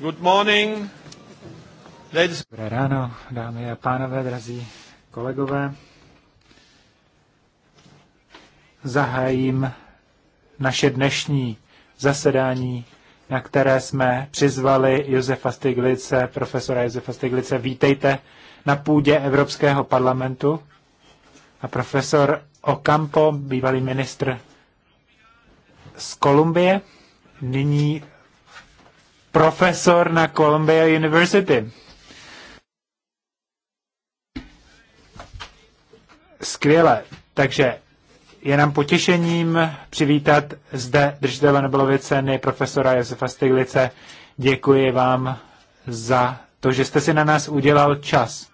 Good morning. Ladies. Dobré ráno, dámy a pánové, drazí kolegové. Zahájím naše dnešní zasedání, na které jsme přizvali Josefa Stiglice, profesora Josefa Stiglice. Vítejte na půdě Evropského parlamentu. A profesor Ocampo, bývalý ministr z Kolumbie, nyní profesor na Columbia University. Skvěle. Takže je nám potěšením přivítat zde držitele Nobelovy ceny profesora Josefa Stiglice. Děkuji vám za to, že jste si na nás udělal čas.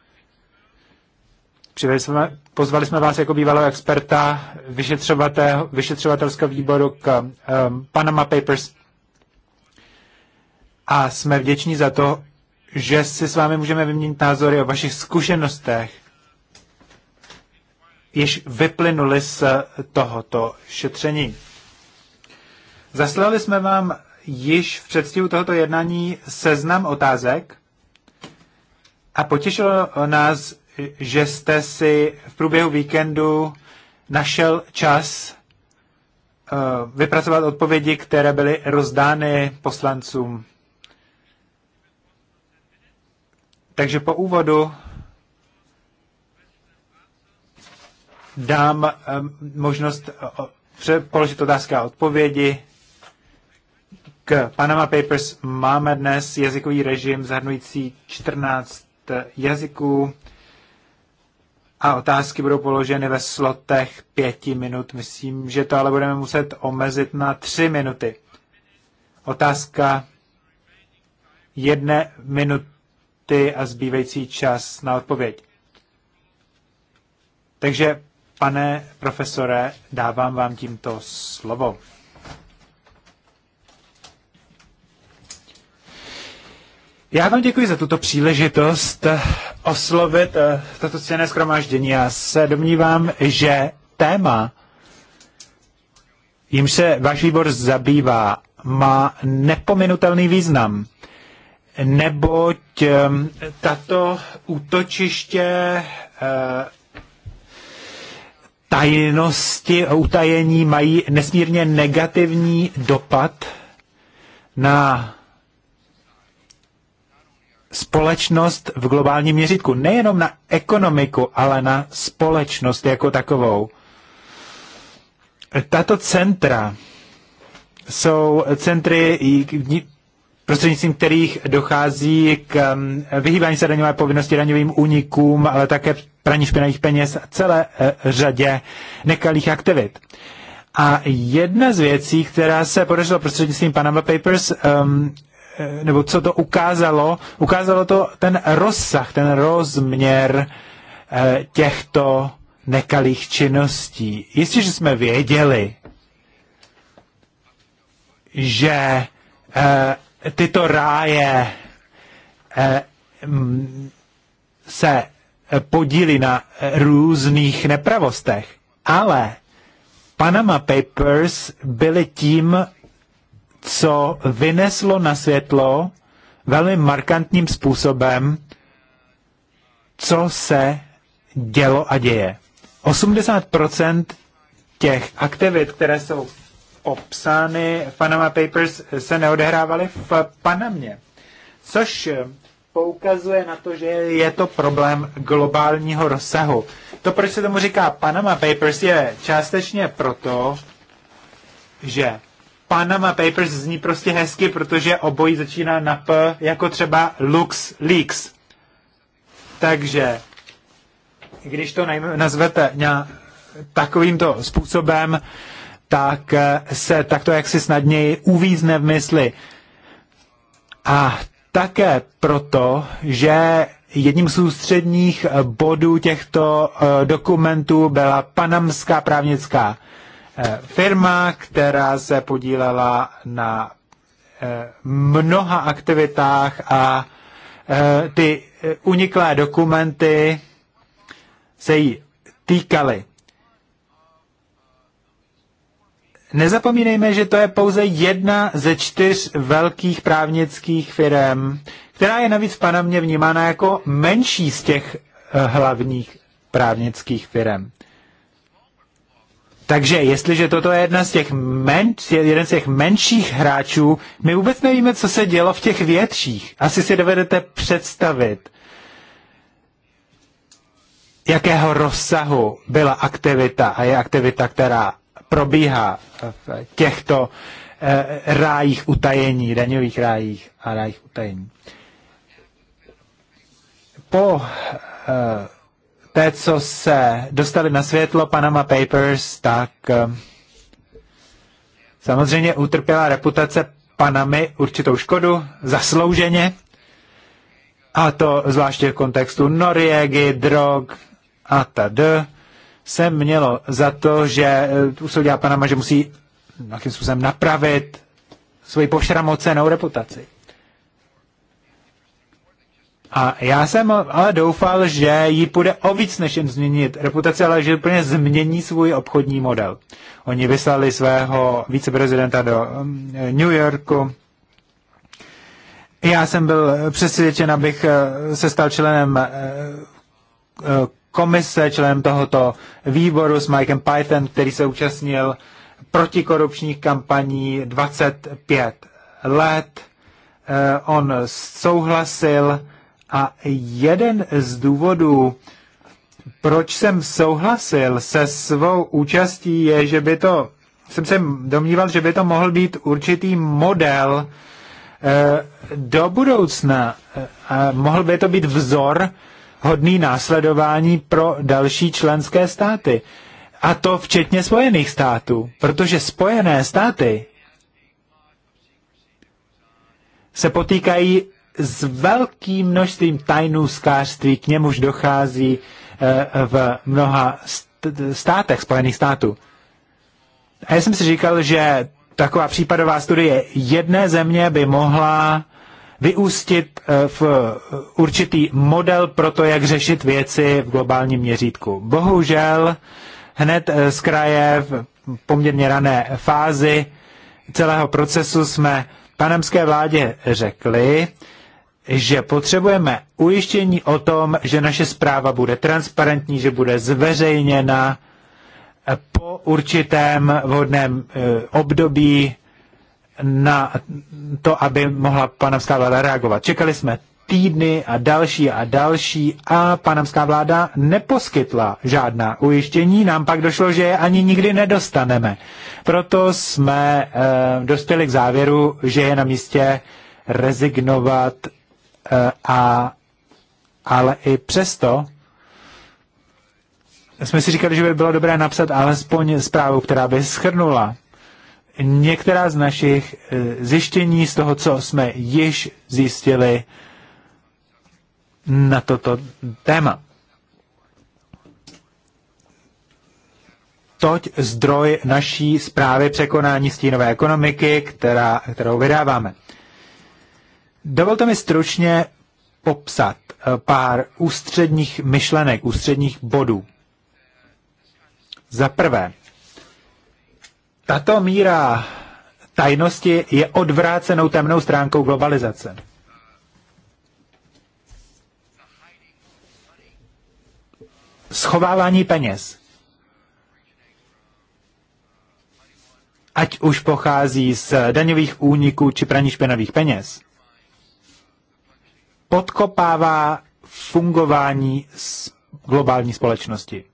jsme, pozvali jsme vás jako bývalého experta vyšetřovatelského výboru k um, Panama Papers a jsme vděční za to, že si s vámi můžeme vyměnit názory o vašich zkušenostech, jež vyplynuli z tohoto šetření. Zaslali jsme vám již v předstihu tohoto jednání seznam otázek a potěšilo nás, že jste si v průběhu víkendu našel čas eh, vypracovat odpovědi, které byly rozdány poslancům Takže po úvodu dám možnost položit otázky a odpovědi. K Panama Papers máme dnes jazykový režim zahrnující 14 jazyků a otázky budou položeny ve slotech pěti minut. Myslím, že to ale budeme muset omezit na tři minuty. Otázka jedné minuty minuty a zbývající čas na odpověď. Takže, pane profesore, dávám vám tímto slovo. Já vám děkuji za tuto příležitost eh, oslovit eh, toto cené schromáždění. Já se domnívám, že téma, jimž se váš výbor zabývá, má nepominutelný význam neboť tato útočiště eh, tajnosti, utajení mají nesmírně negativní dopad na společnost v globálním měřítku. Nejenom na ekonomiku, ale na společnost jako takovou. Tato centra jsou centry, prostřednictvím kterých dochází k um, vyhýbání se daňové povinnosti, daňovým únikům, ale také praní špinavých peněz a celé eh, řadě nekalých aktivit. A jedna z věcí, která se podařila prostřednictvím Panama Papers, um, eh, nebo co to ukázalo, ukázalo to ten rozsah, ten rozměr eh, těchto nekalých činností. Jistě, že jsme věděli, že tyto ráje eh, se podílí na různých nepravostech, ale Panama Papers byly tím, co vyneslo na světlo velmi markantním způsobem, co se dělo a děje. 80% těch aktivit, které jsou obsány Panama Papers, se neodehrávaly v Panamě. Což eh, poukazuje na to, že je to problém globálního rozsahu. To, proč se tomu říká Panama Papers, je částečně proto, že Panama Papers zní prostě hezky, protože obojí začíná na P, jako třeba Lux Leaks. Takže, když to nazvete nějak takovýmto způsobem, tak eh, se takto jaksi snadněji uvízne v mysli. A také proto, že jedním z ústředních bodů těchto eh, dokumentů byla panamská právnická eh, firma, která se podílela na mnoha aktivitách a ty uniklé dokumenty se jí týkaly. nezapomínejme, že to je pouze jedna ze čtyř velkých právnických firm, která je navíc v Panamě vnímána jako menší z těch eh, hlavních právnických firm. Takže jestliže toto je jedna z těch men, jeden z těch menších hráčů, my vůbec nevíme, co se dělo v těch větších. Asi si dovedete představit, jakého rozsahu byla aktivita a je aktivita, která probíhá v těchto eh, rájích utajení, daňových rájích a rájích utajení. Po eh, té, co se dostali na světlo Panama Papers, tak eh, samozřejmě utrpěla reputace Panamy určitou škodu, zaslouženě, a to zvláště v kontextu Noriegy, drog a td se mělo za to, že eh, usoudila Panama, že musí nějakým způsobem napravit svoji pošramocenou reputaci. A já jsem ale doufal, že jí půjde o víc, než jen změnit reputaci, ale že úplně změní svůj obchodní model. Oni vyslali svého viceprezidenta do mm, New Yorku. Já jsem byl přesvědčen, abych eh, se stal členem eh, komise, členem tohoto výboru s Mikem Python, který se účastnil protikorupčních kampaní 25 let. Eh, on souhlasil a jeden z důvodů, proč jsem souhlasil se svou účastí, je, že by to, jsem se domníval, že by to mohl být určitý model eh, do budoucna. Eh, a mohl by to být vzor, hodný následování pro další členské státy. A to včetně Spojených států, protože Spojené státy se potýkají s velkým množstvím tajnů skářství, k němuž dochází eh, v mnoha státech Spojených států. A já jsem si říkal, že taková případová studie jedné země by mohla vyústit eh, v eh, určitý model pro to, jak řešit věci v globálním měřítku. Bohužel hned eh, z kraje v poměrně rané fázi celého procesu jsme panemské vládě řekli, že potřebujeme ujištění o tom, že naše zpráva bude transparentní, že bude zveřejněna po určitém vhodném období na to, aby mohla panamská vláda reagovat. Čekali jsme týdny a další a další a panamská vláda neposkytla žádná ujištění. Nám pak došlo, že je ani nikdy nedostaneme. Proto jsme e, dospěli k závěru, že je na místě rezignovat e, a ale i přesto jsme si říkali, že by bylo dobré napsat alespoň zprávu, která by schrnula některá z našich eh, zjištění z toho, co jsme již zjistili na toto téma. Toť zdroj naší zprávy překonání stínové ekonomiky, která, kterou vydáváme. Dovolte mi stručně popsat eh, pár ústředních myšlenek, ústředních bodů. Za prvé, tato míra tajnosti je odvrácenou temnou stránkou globalizace. Schovávání peněz. Ať už pochází z daňových úniků či praní špinavých peněz, podkopává fungování globální společnosti.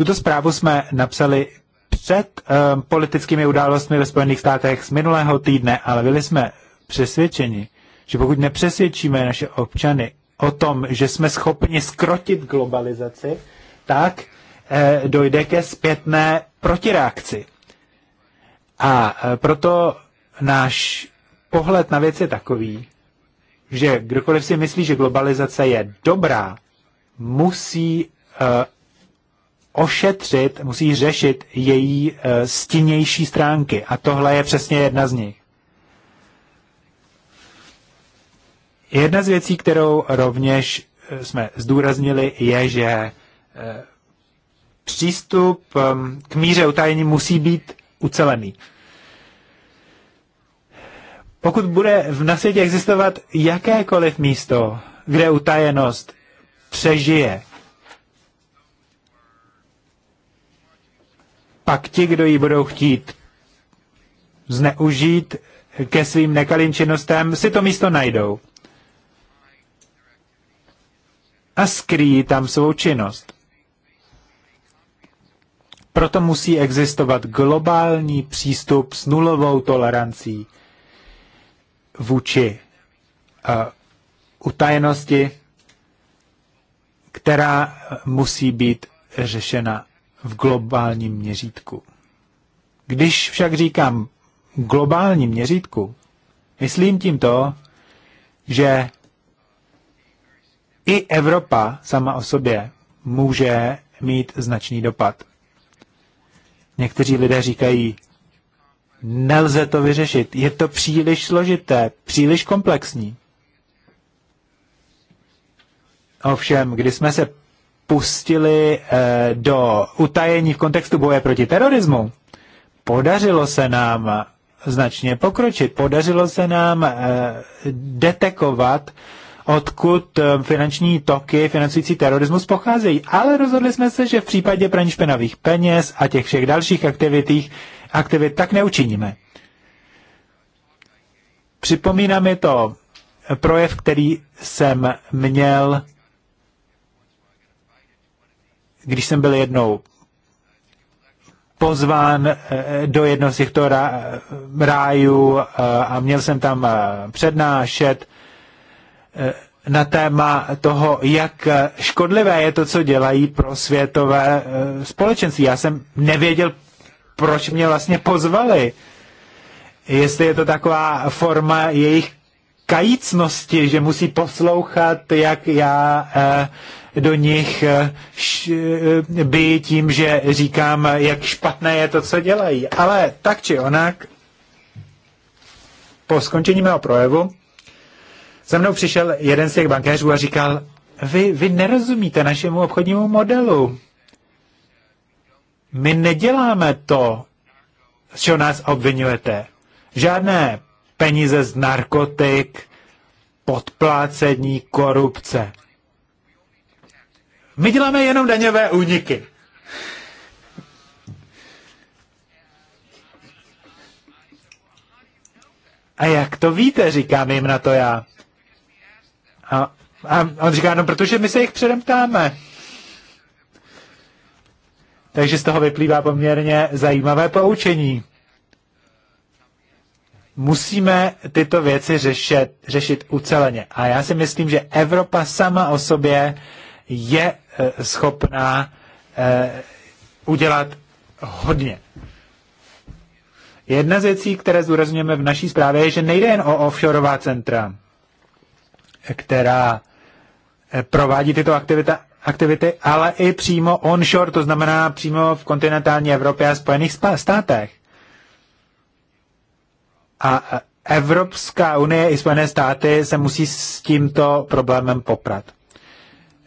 Tuto zprávu jsme napsali před um, politickými událostmi ve Spojených státech z minulého týdne, ale byli jsme přesvědčeni, že pokud nepřesvědčíme naše občany o tom, že jsme schopni skrotit globalizaci, tak eh, dojde ke zpětné protireakci. A eh, proto náš pohled na věc je takový, že kdokoliv si myslí, že globalizace je dobrá, musí eh, ošetřit, musí řešit její eh, stinnější stránky. A tohle je přesně jedna z nich. Jedna z věcí, kterou rovněž eh, jsme zdůraznili, je, že eh, přístup ehm, k míře utajení musí být ucelený. Pokud bude v na světě existovat jakékoliv místo, kde utajenost přežije, pak ti, kdo ji budou chtít zneužít ke svým nekalým činnostem, si to místo najdou. A skrýjí tam svou činnost. Proto musí existovat globální přístup s nulovou tolerancí vůči uh, utajenosti, která musí být řešena v globálním měřítku. Když však říkám globální měřítku, myslím tím to, že i Evropa sama o sobě může mít značný dopad. Někteří lidé říkají, nelze to vyřešit, je to příliš složité, příliš komplexní. Ovšem, když jsme se pustili eh, do utajení v kontextu boje proti terorismu, podařilo se nám značně pokročit. Podařilo se nám eh, detekovat, odkud eh, finanční toky financující terorismus pocházejí. Ale rozhodli jsme se, že v případě praní špinavých peněz a těch všech dalších aktivitých, aktivit tak neučiníme. Připomíná mi to projev, který jsem měl když jsem byl jednou pozván eh, do jednoho z těchto rájů eh, a měl jsem tam eh, přednášet na téma toho, jak škodlivé je to, co dělají pro světové společenství. Já jsem nevěděl, proč mě vlastně pozvali. Jestli je to taková forma jejich kajícnosti, že musí poslouchat, jak já eh, do nich eh, eh, by tím, že říkám, jak špatné je to, co dělají. Ale tak či onak, po skončení mého projevu, za mnou přišel jeden z těch bankéřů a říkal, vy, vy nerozumíte našemu obchodnímu modelu. My neděláme to, z čeho nás obvinujete. Žádné peníze z narkotik, podplácení, korupce. My děláme jenom daňové úniky. A jak to víte, říkám jim na to já. A, a on říká, no protože my se jich předem ptáme. Takže z toho vyplývá poměrně zajímavé poučení. Musíme tyto věci řešet, řešit uceleně. A já si myslím, že Evropa sama o sobě je eh, schopná eh, udělat hodně. Jedna z věcí, které zúrazňujeme v naší zprávě, je, že nejde jen o offshoreová centra, která eh, provádí tyto aktivita, aktivity, ale i přímo onshore, to znamená přímo v kontinentální Evropě a Spojených státech. A Evropská unie i Spojené státy se musí s tímto problémem poprat.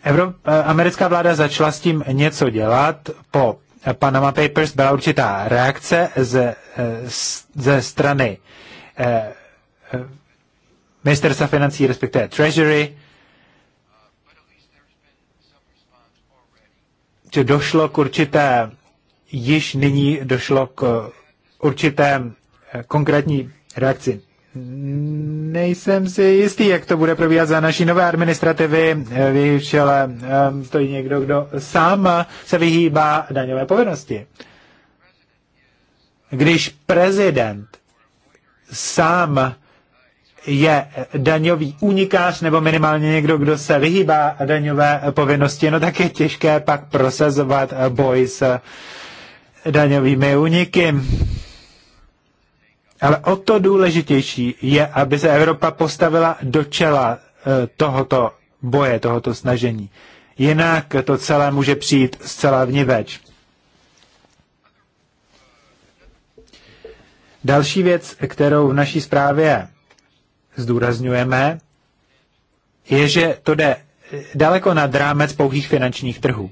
Evrop, eh, americká vláda začala s tím něco dělat. Po Panama Papers byla určitá reakce ze, eh, ze strany eh, eh, ministerstva financí, respektive Treasury, že došlo k určité, již nyní došlo k určité konkrétní reakci nejsem si jistý, jak to bude probíhat za naší nové administrativy. V to stojí někdo, kdo sám se vyhýbá daňové povinnosti. Když prezident sám je daňový unikář nebo minimálně někdo, kdo se vyhýbá daňové povinnosti, no tak je těžké pak prosazovat boj s daňovými uniky. Ale o to důležitější je, aby se Evropa postavila do čela eh, tohoto boje, tohoto snažení. Jinak to celé může přijít zcela vniveč. Další věc, kterou v naší zprávě zdůrazňujeme, je, že to jde eh, daleko nad rámec pouhých finančních trhů.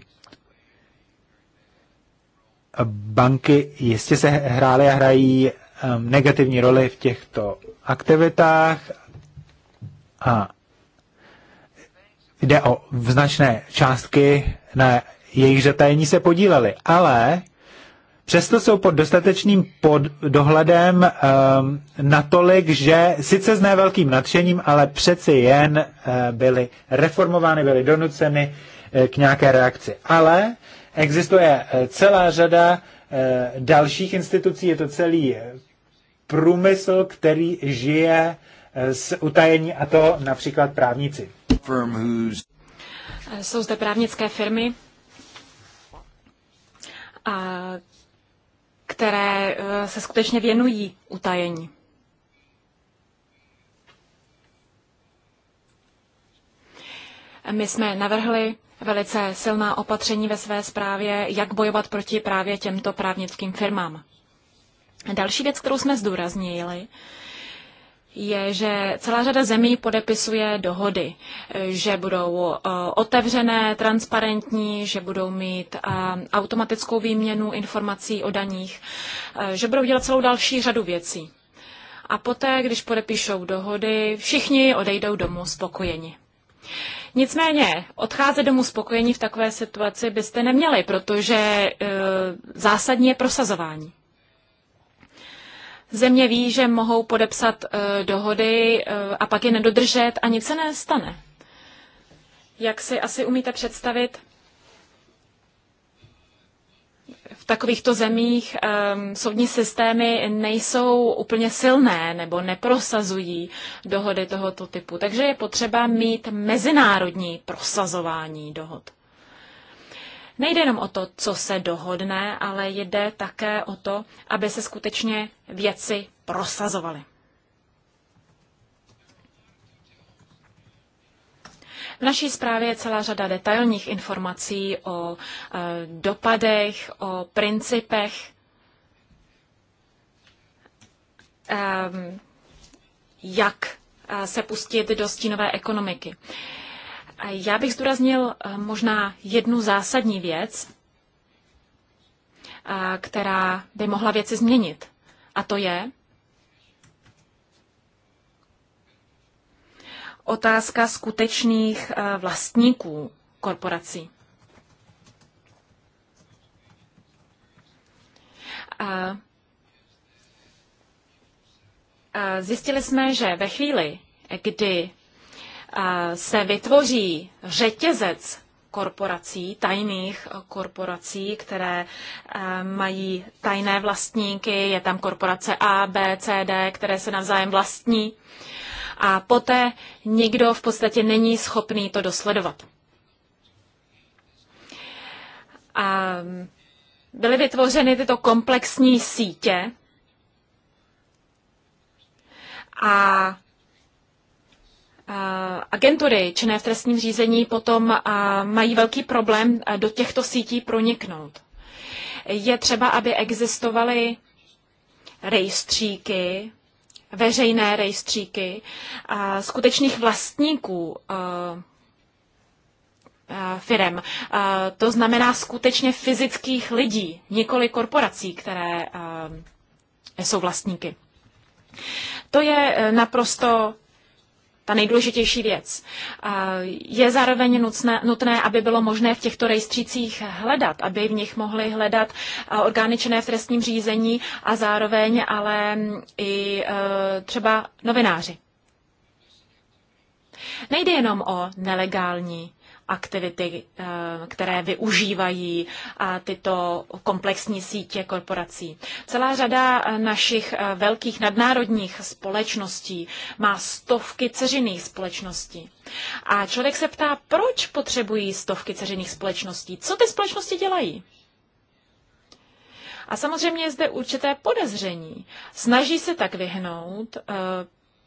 Banky jistě se hrály a hrají Um, negativní roli v těchto aktivitách a jde o značné částky, na jejich zatajení se podíleli, ale přesto jsou pod dostatečným pod dohledem um, natolik, že sice s nevelkým nadšením, ale přeci jen uh, byly reformovány, byly donuceny uh, k nějaké reakci. Ale existuje uh, celá řada uh, dalších institucí, je to celý průmysl, který žije eh, z utajení, a to například právníci. Jsou zde právnické firmy, které eh, se skutečně věnují utajení. My jsme navrhli velice silná opatření ve své zprávě, jak bojovat proti právě těmto právnickým firmám. Další věc, kterou jsme zdůraznili, je, že celá řada zemí podepisuje dohody, že budou eh, otevřené, transparentní, že budou mít eh, automatickou výměnu informací o daních, eh, že budou dělat celou další řadu věcí. A poté, když podepíšou dohody, všichni odejdou domů spokojeni. Nicméně, odcházet domů spokojení v takové situaci byste neměli, protože e, zásadní je prosazování země ví, že mohou podepsat eh, dohody eh, a pak je nedodržet a nic se nestane. Jak si asi umíte představit, v takovýchto zemích um, soudní systémy nejsou úplně silné nebo neprosazují dohody tohoto typu. Takže je potřeba mít mezinárodní prosazování dohod. Nejde jenom o to, co se dohodne, ale jde také o to, aby se skutečně věci prosazovaly. V naší zprávě je celá řada detailních informací o e, dopadech, o principech. Ehm, jak e, se pustit do stínové ekonomiky. Já bych zdůraznil eh, možná jednu zásadní věc, eh, která by mohla věci změnit. A to je otázka skutečných eh, vlastníků korporací. zjistili jsme, že ve chvíli, kdy se vytvoří řetězec korporací, tajných korporací, které eh, mají tajné vlastníky, je tam korporace A, B, C, D, které se navzájem vlastní a poté nikdo v podstatě není schopný to dosledovat. A byly vytvořeny tyto komplexní sítě a agentury činné v trestním řízení potom mají velký problém do těchto sítí proniknout. Je třeba, aby existovaly rejstříky, veřejné rejstříky skutečných vlastníků firem. To znamená skutečně fyzických lidí, nikoli korporací, které jsou vlastníky. To je e, naprosto ta nejdůležitější věc. Je zároveň nutné, nutné, aby bylo možné v těchto rejstřících hledat, aby v nich mohly hledat eh, orgány činné v trestním řízení a zároveň ale mm, i eh, třeba novináři. Nejde jenom o nelegální aktivity, eh, které využívají eh, tyto komplexní sítě korporací. Celá řada eh, našich velkých nadnárodních společností má stovky ceřiných společností. A člověk se ptá, proč potřebují stovky ceřiných společností? Co ty společnosti dělají? A samozřejmě je zde určité podezření. Snaží se tak vyhnout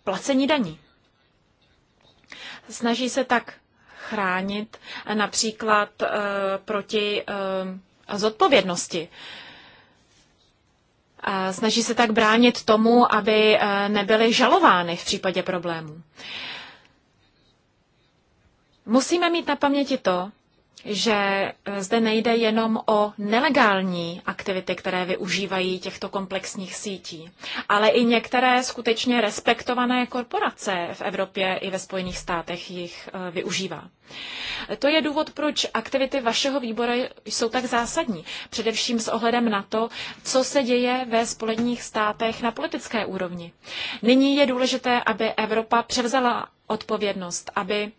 placení daní. Snaží se tak chránit například eh, proti eh, zodpovědnosti. Snaží se tak bránit tomu, aby eh, nebyly žalovány v případě problémů. Musíme mít na paměti to, že eh, zde nejde jenom o nelegální aktivity, které využívají těchto komplexních sítí, ale i některé skutečně respektované korporace v Evropě i ve Spojených státech jich eh, využívá. To je důvod, proč aktivity vašeho výboru jsou tak zásadní, především s ohledem na to, co se děje ve Spojených státech na politické úrovni. Nyní je důležité, aby Evropa převzala odpovědnost, aby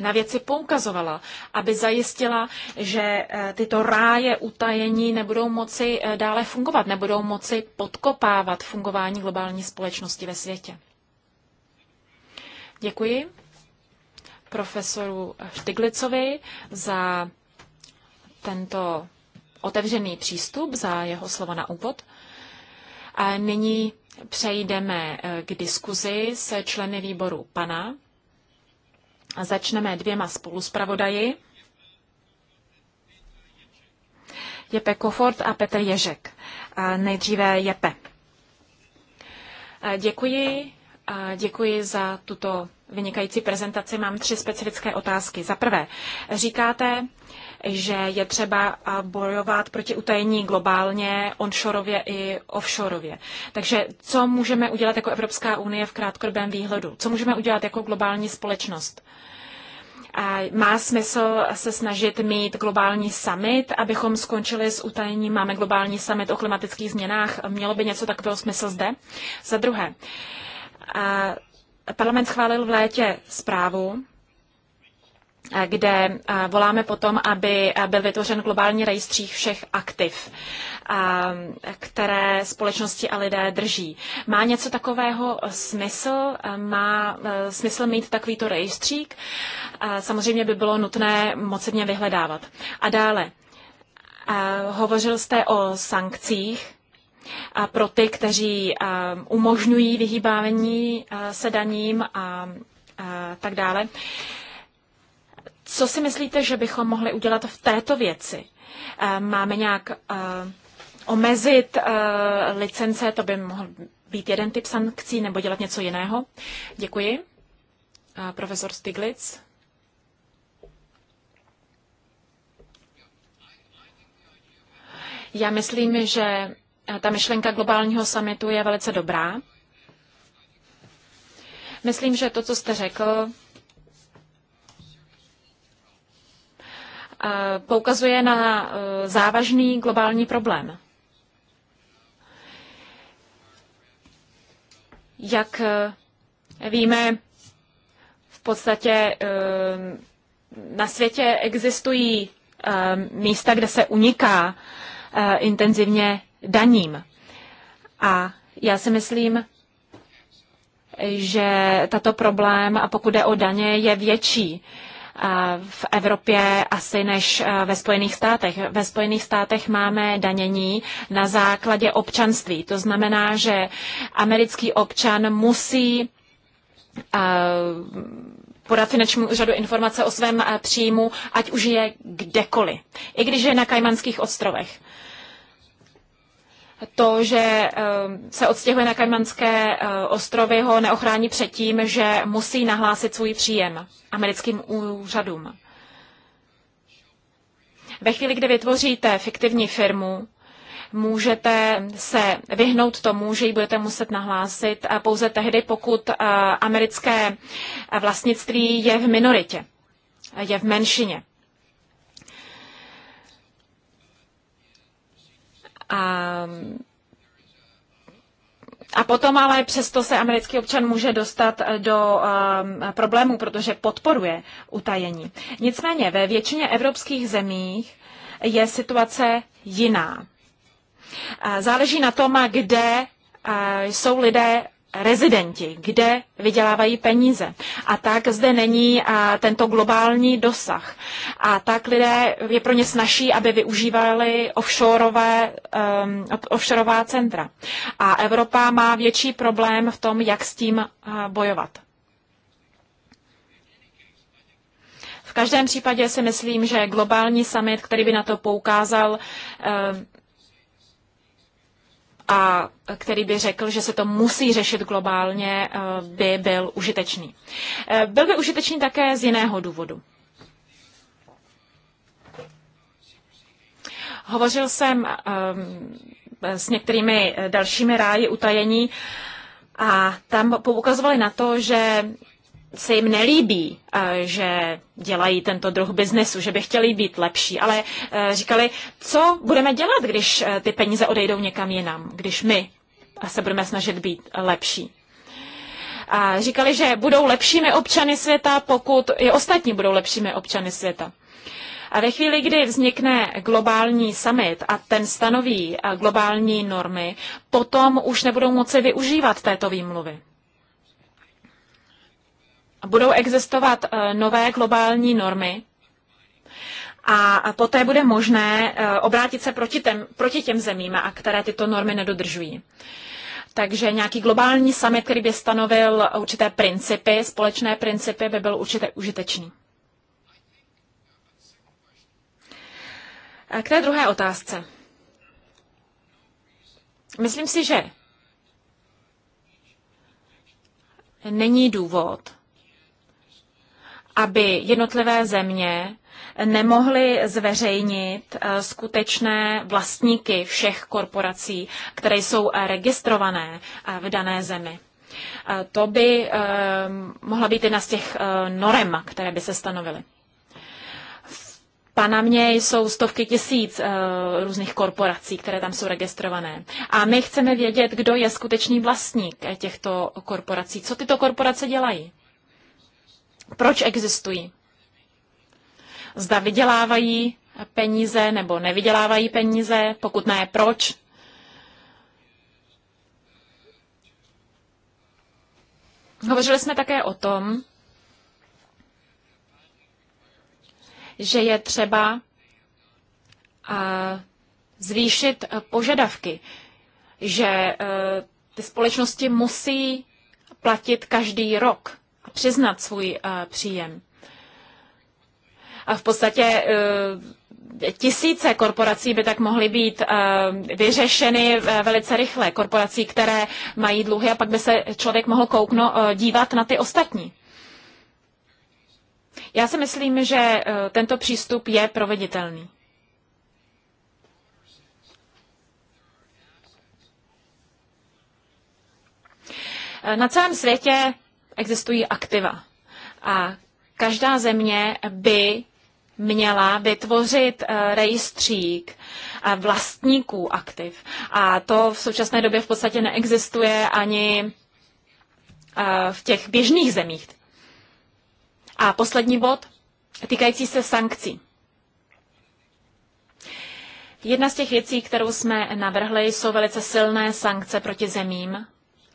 na věci poukazovala, aby zajistila, že eh, tyto ráje utajení nebudou moci eh, dále fungovat, nebudou moci podkopávat fungování globální společnosti ve světě. Děkuji profesoru Štyglicovi za tento otevřený přístup, za jeho slova na úvod. A nyní přejdeme eh, k diskuzi se členy výboru PANA. Začneme dvěma spoluspravodaji. Jepe Kofort a Petr Ježek. A nejdříve Jepe. děkuji. A děkuji za tuto vynikající prezentaci. Mám tři specifické otázky. Za prvé, říkáte, že je třeba bojovat proti utajení globálně, onshoreově i offshoreově. Takže co můžeme udělat jako Evropská unie v krátkodobém výhledu? Co můžeme udělat jako globální společnost? A má smysl se snažit mít globální summit, abychom skončili s utajením, máme globální summit o klimatických změnách, mělo by něco takového smysl zde? Za druhé, parlament schválil v létě zprávu, kde voláme potom, aby byl vytvořen globální rejstřík všech aktiv, které společnosti a lidé drží. Má něco takového smysl? Má e, smysl mít takovýto rejstřík? Samozřejmě by bylo nutné mocně vyhledávat. A dále, hovořil jste o sankcích a pro ty, kteří umožňují vyhýbání se daním a tak dále. Co si myslíte, že bychom mohli udělat v této věci? Eh, máme nějak eh, omezit eh, licence, to by mohl být jeden typ sankcí, nebo dělat něco jiného? Děkuji. Profesor Stiglitz. Já myslím, že ta myšlenka globálního summitu je velice dobrá. Myslím, že to, co jste řekl, Eh, poukazuje na eh, závažný globální problém. Jak eh, víme, v podstatě na světě existují místa, kde se uniká intenzivně daním. A já si myslím, že tato problém, a pokud jde o daně, je větší v Evropě asi než eh, ve Spojených státech. Ve Spojených státech máme danění na základě občanství. To znamená, že americký občan musí eh, podat finančnímu úřadu informace o svém eh, příjmu, ať už je kdekoliv, i když je na Kajmanských ostrovech to, že ehm, se odstěhuje na Kajmanské eh, ostrovy, ho neochrání před tím, že musí nahlásit svůj příjem americkým úřadům. Ve chvíli, kdy vytvoříte fiktivní firmu, můžete se vyhnout tomu, že ji budete muset nahlásit pouze tehdy, pokud eh, americké eh, vlastnictví je v minoritě, je v menšině. A a potom ale přesto se americký občan může dostat eh, do um, problémů, protože podporuje utajení. Nicméně ve většině evropských zemích je situace jiná. Eh, záleží na tom, kde jsou lidé rezidenti, kde vydělávají peníze. A tak zde není a, tento globální dosah. A tak lidé je pro ně snaží, aby využívali offshoreové, um, offshoreová centra. A Evropa má větší problém v tom, jak s tím a, eh, bojovat. V každém případě si myslím, že globální summit, který by na to poukázal, um, a který by řekl, že se to musí řešit globálně, eh, by byl užitečný. Eh, byl by užitečný také z jiného důvodu. Hovořil jsem eh, s některými dalšími ráji utajení a tam poukazovali na to, že se jim nelíbí, eh, že dělají tento druh biznesu, že by chtěli být lepší, ale eh, říkali, co budeme dělat, když eh, ty peníze odejdou někam jinam, když my se budeme snažit být lepší. A říkali, že budou lepšími občany světa, pokud i ostatní budou lepšími občany světa. A ve chvíli, kdy vznikne globální summit a ten stanoví globální normy, potom už nebudou moci využívat této výmluvy budou existovat eh, nové globální normy a poté bude možné eh, obrátit se proti, těm, proti těm zemím, a které tyto normy nedodržují. Takže nějaký globální summit, který by stanovil určité principy, společné principy, by byl určitě užitečný. A eh, k té druhé otázce. Myslím si, že není důvod, aby jednotlivé země nemohly zveřejnit eh, skutečné vlastníky všech korporací, které jsou eh, registrované eh, v dané zemi. To by mohla být jedna z těch norem, které by se stanovily. V Panamě jsou stovky tisíc různých korporací, které tam jsou registrované. A my chceme vědět, kdo je skutečný vlastník těchto korporací. Co tyto korporace dělají? proč existují. Zda vydělávají peníze nebo nevydělávají peníze, pokud ne, proč. Hovořili jsme také o tom, že je třeba zvýšit e, požadavky, že e, ty společnosti musí platit každý rok přiznat svůj eh, příjem. A v podstatě eh, tisíce korporací by tak mohly být eh, vyřešeny velice rychle. Korporací, které mají dluhy a pak by se člověk mohl uh, dívat na ty ostatní. Já si myslím, že tento přístup je proveditelný. Na celém světě existují aktiva. A každá země by měla vytvořit eh, rejstřík eh, vlastníků aktiv. A to v současné době v podstatě neexistuje ani eh, v těch běžných zemích. A poslední bod, týkající se sankcí. Jedna z těch věcí, kterou jsme navrhli, jsou velice silné sankce proti zemím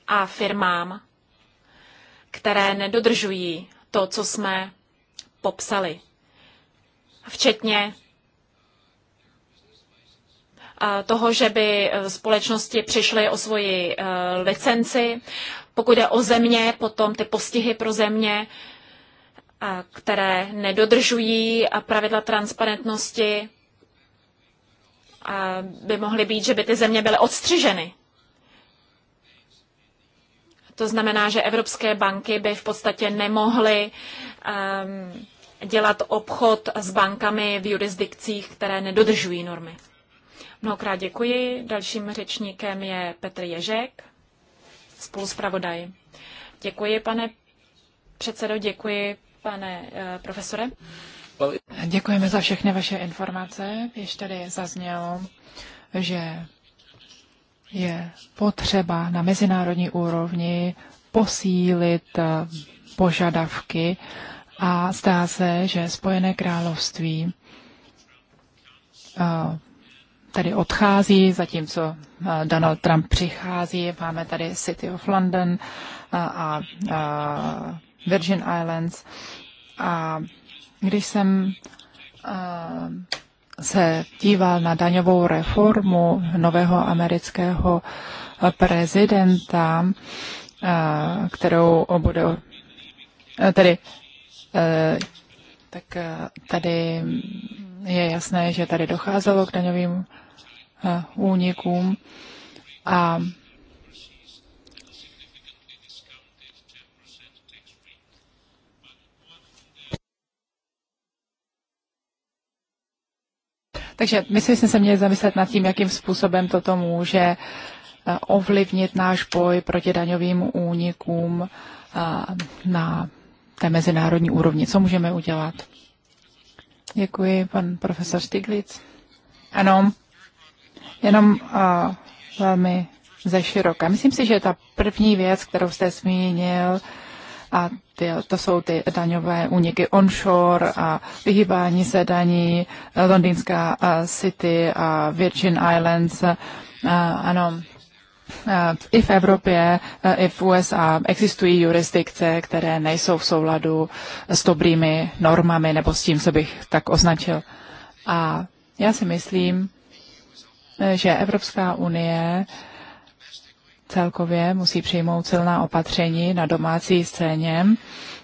a firmám, které nedodržují to, co jsme popsali, včetně eh, toho, že by eh, společnosti přišly o svoji eh, licenci. Pokud jde o země, potom ty postihy pro země, které nedodržují pravidla transparentnosti, by mohly být, že by ty země byly odstřiženy to znamená, že evropské banky by v podstatě nemohly um, dělat obchod s bankami v jurisdikcích, které nedodržují normy. Mnohokrát děkuji. Dalším řečníkem je Petr Ježek, spoluspravodaj. Děkuji, pane předsedo, děkuji, pane eh, profesore. Děkujeme za všechny vaše informace. Ještě tady zaznělo, že je potřeba na mezinárodní úrovni posílit eh, požadavky a zdá se, že Spojené království eh, tady odchází, zatímco eh, Donald Trump přichází. Máme tady City of London a Virgin Islands. A když jsem se díval na daňovou reformu nového amerického prezidenta, eh, kterou bude eh, tedy eh, tak tady je jasné, že tady docházelo k daňovým únikům a Takže myslím, že jsme se měli zamyslet nad tím, jakým způsobem toto může eh, ovlivnit náš boj proti daňovým únikům eh, na té mezinárodní úrovni. Co můžeme udělat? Děkuji, pan profesor Stiglitz. Ano, jenom uh, velmi ze široka. Myslím si, že ta první věc, kterou jste zmínil, a ty, to jsou ty daňové úniky onshore a vyhýbání se daní, eh, londýnská eh, City a Virgin Islands. Eh, ano, i v Evropě, i v USA existují jurisdikce, které nejsou v souladu s dobrými normami, nebo s tím, co bych tak označil. A já si myslím, že Evropská unie celkově musí přijmout silná opatření na domácí scéně.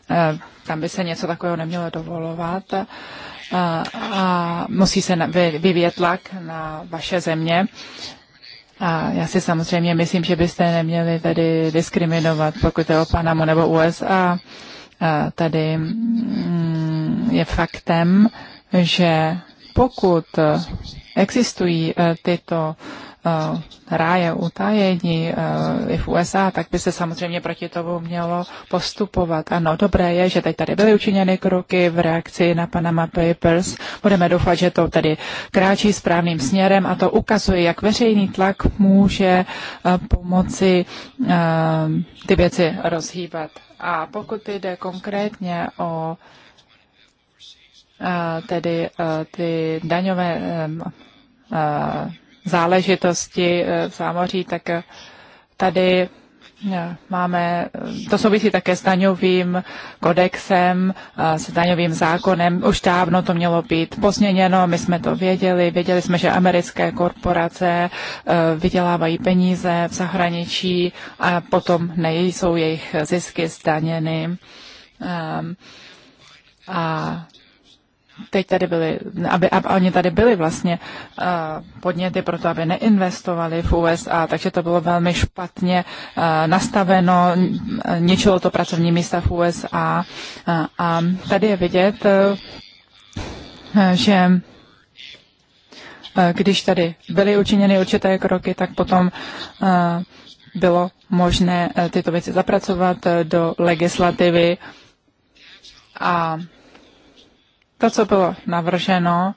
Eh, tam by se něco takového nemělo dovolovat. A, eh, a musí se vyvíjet tlak na vaše země. A já si samozřejmě myslím, že byste neměli tady diskriminovat, pokud je o Panamu nebo USA. A tady mm, je faktem, že pokud existují eh, tyto Eh, ráje utajení eh, i v USA, tak by se samozřejmě proti tomu mělo postupovat. Ano, dobré je, že teď tady byly učiněny kroky v reakci na Panama Papers. Budeme doufat, že to tedy kráčí správným směrem a to ukazuje, jak veřejný tlak může eh, pomoci ty věci rozhýbat. A pokud jde konkrétně o tedy ty daňové záležitosti eh, v zámoří, tak eh, tady eh, máme, to souvisí také s daňovým kodexem, s daňovým zákonem. Už dávno to mělo být posměněno, my jsme to věděli. Věděli jsme, že americké korporace vydělávají peníze v zahraničí a potom nejsou jejich zisky zdaněny. Ehm, a teď tady byli, aby, aby oni tady byli vlastně uh, podněty pro to, aby neinvestovali v USA, takže to bylo velmi špatně uh, nastaveno, ničilo to pracovní místa v USA uh, eh, a tady je vidět, uh, že když tady byly učiněny určité kroky, tak potom uh, bylo možné tyto věci zapracovat do legislativy a to, co bylo navrženo,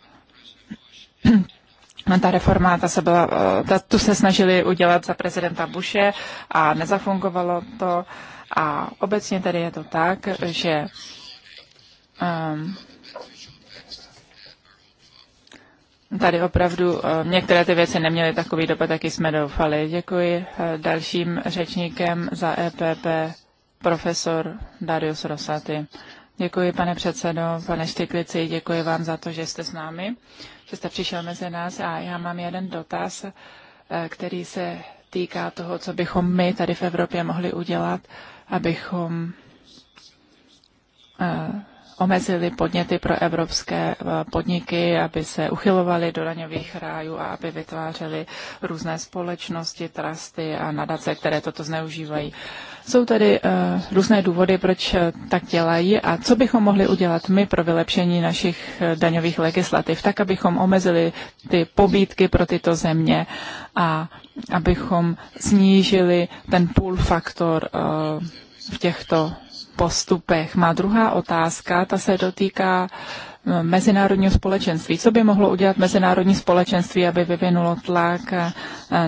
ta reforma, ta se byla, eh, ta, tu se snažili udělat za prezidenta Bushe a nezafungovalo to. A obecně tady je to tak, že um, Tady opravdu eh, některé ty věci neměly takový dopad, jaký jsme doufali. Děkuji eh, dalším řečníkem za EPP, profesor Darius Rosati. Děkuji, pane předsedo, pane Štyklici, děkuji vám za to, že jste s námi, že jste přišel mezi nás a já mám jeden dotaz, eh, který se týká toho, co bychom my tady v Evropě mohli udělat, abychom eh, omezili podněty pro evropské eh, podniky, aby se uchylovali do daňových rájů a aby vytvářeli různé společnosti, trusty a nadace, které toto zneužívají. Jsou tady uh, různé důvody, proč eh, tak dělají a co bychom mohli udělat my pro vylepšení našich eh, daňových legislativ, tak abychom omezili ty pobídky pro tyto země a abychom snížili ten půl faktor uh, v těchto postupech. Má druhá otázka, ta se dotýká uh, mezinárodního společenství. Co by mohlo udělat mezinárodní společenství, aby vyvinulo tlak eh,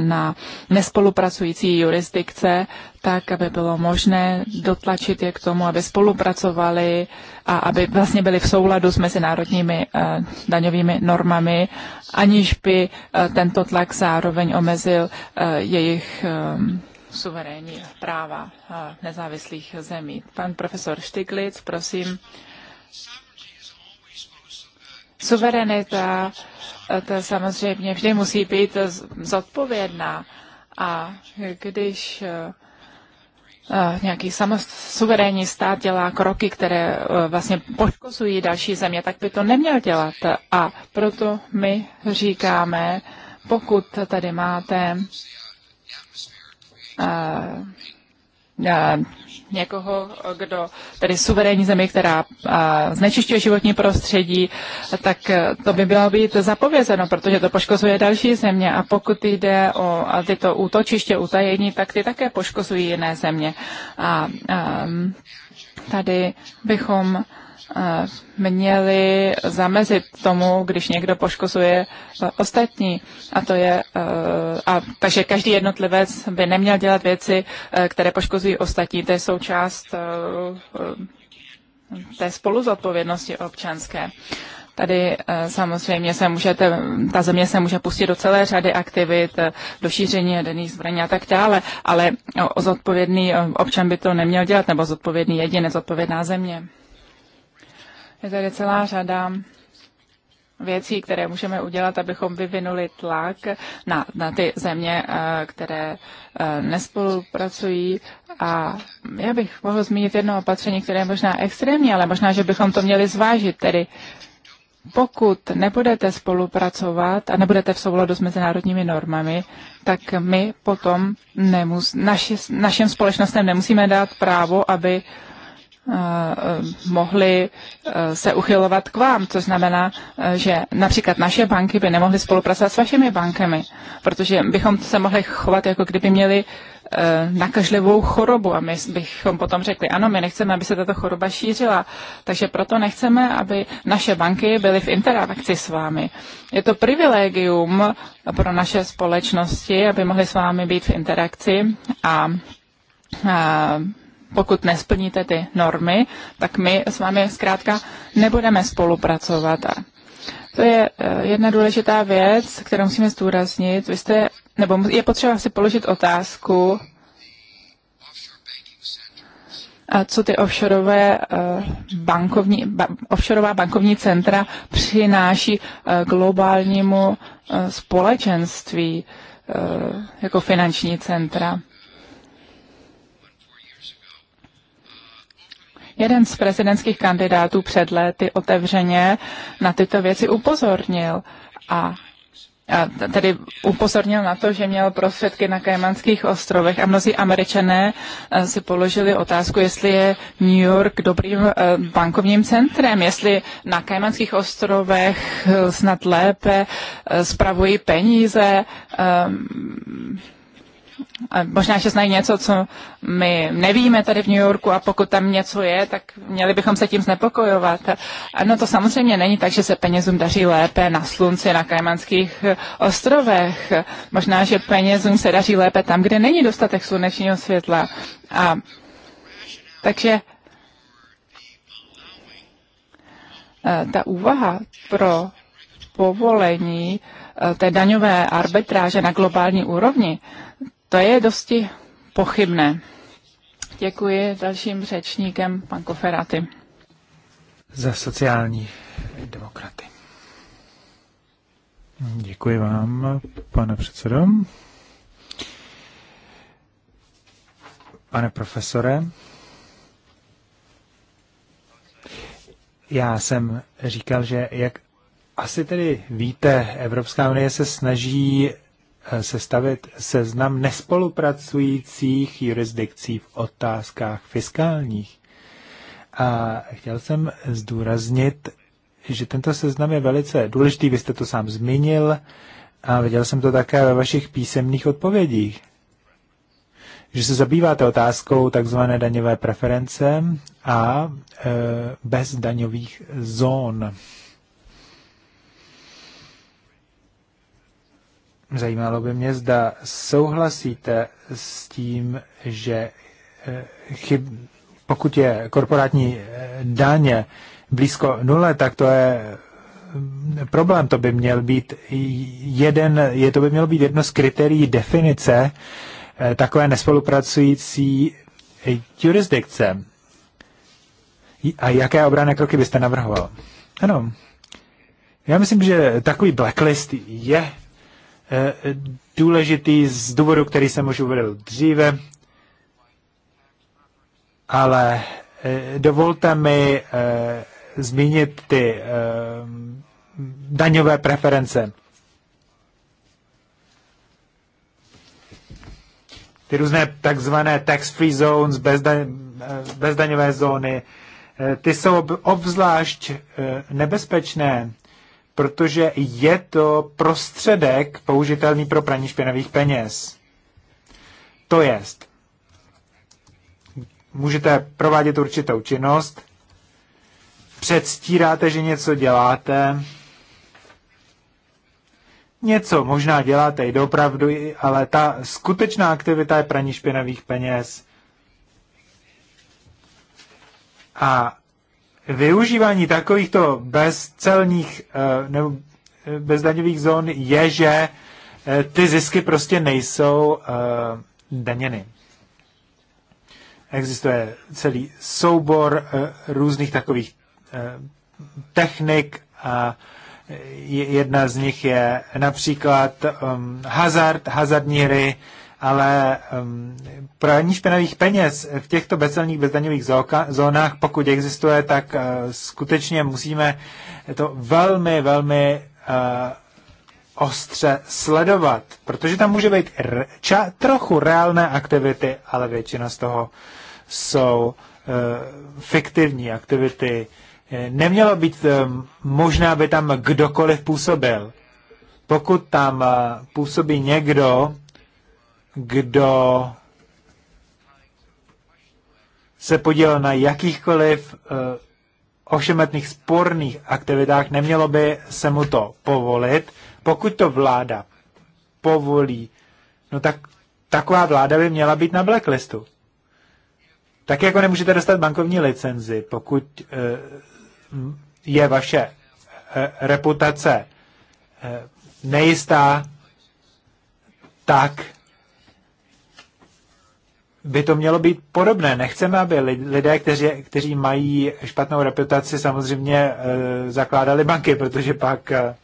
na nespolupracující jurisdikce, tak, aby bylo možné dotlačit je k tomu, aby spolupracovali a aby vlastně byli v souladu s mezinárodními eh, daňovými normami, aniž by eh, tento tlak zároveň omezil jejich suverénní práva nezávislých zemí. Pan profesor Štiglic, prosím. Suverenita to samozřejmě vždy musí být zodpovědná. A když eh, eh, nějaký samost, suverénní stát dělá kroky, které eh, vlastně poškozují další země, tak by to neměl dělat. A proto my říkáme, pokud tady máte někoho, kdo tedy suverénní zemi, která znečišťuje životní prostředí, tak to by mělo být zapovězeno, protože to poškozuje další země. A pokud jde o tyto útočiště, utajení, tak ty také poškozují jiné země. A, a tady bychom měli zamezit tomu, když někdo poškozuje ostatní. A to je, e, a, takže každý jednotlivec by neměl dělat věci, e, které poškozují ostatní. To je součást e, té spoluzodpovědnosti občanské. Tady samozřejmě se můžete, ta země se může pustit do celé řady aktivit, do šíření jaderných zbraní a tak dále, ale zodpovědný občan by to neměl dělat, nebo zodpovědný jedinec, zodpovědná země. Je tady celá řada věcí, které můžeme udělat, abychom vyvinuli tlak na, na ty země, eh, které eh, nespolupracují. A já bych mohl zmínit jedno opatření, které je možná extrémní, ale možná, že bychom to měli zvážit. Tedy pokud nebudete spolupracovat a nebudete v souladu s mezinárodními normami, tak my potom nemus, naši, našim společnostem nemusíme dát právo, aby uh, Eh, mohli eh, se uchylovat k vám. To znamená, eh, že například naše banky by nemohly spolupracovat s vašimi bankami, protože bychom se mohli chovat, jako kdyby měli nakažlivou chorobu a my bychom potom řekli, ano, my nechceme, aby se tato choroba šířila, takže proto nechceme, aby naše banky byly v interakci s vámi. Je to privilegium pro naše společnosti, aby mohly s vámi být v interakci a pokud nesplníte ty normy, tak my s vámi zkrátka nebudeme spolupracovat. to je eh, jedna důležitá věc, kterou musíme zdůraznit. Vy jste, nebo je potřeba si položit otázku, a co ty offshore eh, bankovní, ba, offshoreová bankovní centra přináší eh, globálnímu společenství jako finanční centra. Jeden z prezidentských kandidátů před léty otevřeně na tyto věci upozornil a a tedy upozornil na to, že měl prostředky na Kajmanských ostrovech a mnozí američané e, si položili otázku, jestli je New York dobrým e, bankovním centrem, jestli na Kajmanských ostrovech e, snad lépe spravují peníze možná, že znají něco, co my nevíme tady v New Yorku a pokud tam něco je, tak měli bychom se tím znepokojovat. No, to samozřejmě není tak, že se penězům daří lépe na slunci, na Kajmanských ostrovech. Možná, že penězům se daří lépe tam, kde není dostatek slunečního světla. A, takže eh, ta úvaha pro povolení eh, té daňové arbitráže na globální úrovni, to je dosti pochybné. Děkuji dalším řečníkem, pan Koferaty. Za sociální demokraty. Děkuji vám, pane předsedo. Pane profesore, já jsem říkal, že jak asi tedy víte, Evropská unie se snaží sestavit seznam nespolupracujících jurisdikcí v otázkách fiskálních. A chtěl jsem zdůraznit, že tento seznam je velice důležitý, vy jste to sám zmínil a viděl jsem to také ve vašich písemných odpovědích, že se zabýváte otázkou takzvané daňové preference a e, bez daňových zón. Zajímalo by mě, zda souhlasíte s tím, že eh, chyb, pokud je korporátní eh, daně blízko nule, tak to je mm, problém, to by měl být jeden, je to by mělo být jedno z kritérií definice eh, takové nespolupracující jurisdikce. A jaké obrané kroky byste navrhoval? Ano. Já myslím, že takový blacklist je Eh, důležitý z důvodu, který jsem už uvedl dříve, ale eh, dovolte mi eh, zmínit ty daňové preference. Ty různé takzvané tax-free zones, bezdaňové zóny, ty jsou obzvlášť nebezpečné protože je to prostředek použitelný pro praní špinavých peněz. To jest, můžete provádět určitou činnost, předstíráte, že něco děláte, něco možná děláte i dopravdu, ale ta skutečná aktivita je praní špinavých peněz. A využívání takovýchto bezcelních eh, nebo eh, bezdaňových zón je, že eh, ty zisky prostě nejsou daněny. Existuje celý soubor různých takových technik a jedna z nich je například hazard, hazardní hry, ale um, praní špinavých peněz v těchto bezcelních bezdaňových zónách, pokud existuje, tak uh, skutečně musíme to velmi, velmi uh, ostře sledovat, protože tam může být ča- trochu reálné aktivity, ale většina z toho jsou uh, fiktivní aktivity. nemělo být um, možné, aby tam kdokoliv působil. Pokud tam uh, působí někdo, kdo se podílel na jakýchkoliv eh, ošemetných sporných aktivitách, nemělo by se mu to povolit. Pokud to vláda povolí, no tak taková vláda by měla být na blacklistu. Tak jako nemůžete dostat bankovní licenzi, pokud eh, je vaše eh, reputace nejistá, tak by to mělo být podobné. Nechceme, aby lidé, kteří, kteří mají špatnou reputaci, samozřejmě e, zakládali banky, protože pak e,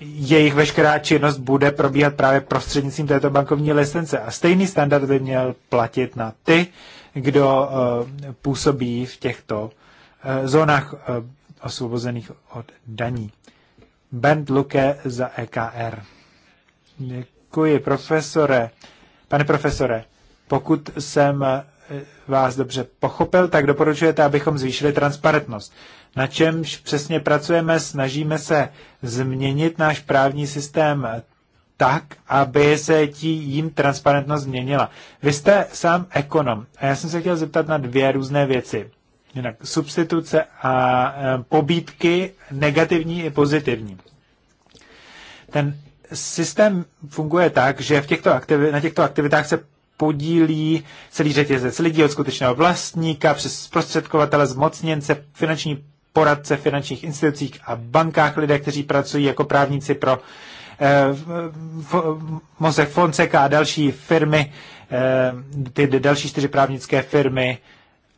jejich veškerá činnost bude probíhat právě prostřednictvím této bankovní licence. A stejný standard by měl platit na ty, kdo e, působí v těchto e, zónách e, osvobozených od daní. Bent Luke za EKR. Děkuji. Děkuji, profesore. Pane profesore, pokud jsem eh, vás dobře pochopil, tak doporučujete, abychom zvýšili transparentnost. Na čemž přesně pracujeme, snažíme se změnit náš právní systém tak, aby se tí, jim transparentnost změnila. Vy jste sám ekonom a já jsem se chtěl zeptat na dvě různé věci. Jinak substituce a e, negativní i pozitivní. Ten systém funguje tak, že v těchto aktivi- na těchto aktivitách se podílí celý řetězec lidí od skutečného vlastníka přes zprostředkovatele, zmocněnce, finanční poradce finančních institucích a bankách, lidé, kteří pracují jako právníci pro eh, Mosek Fonseca a další firmy, eh, ty další čtyři právnické firmy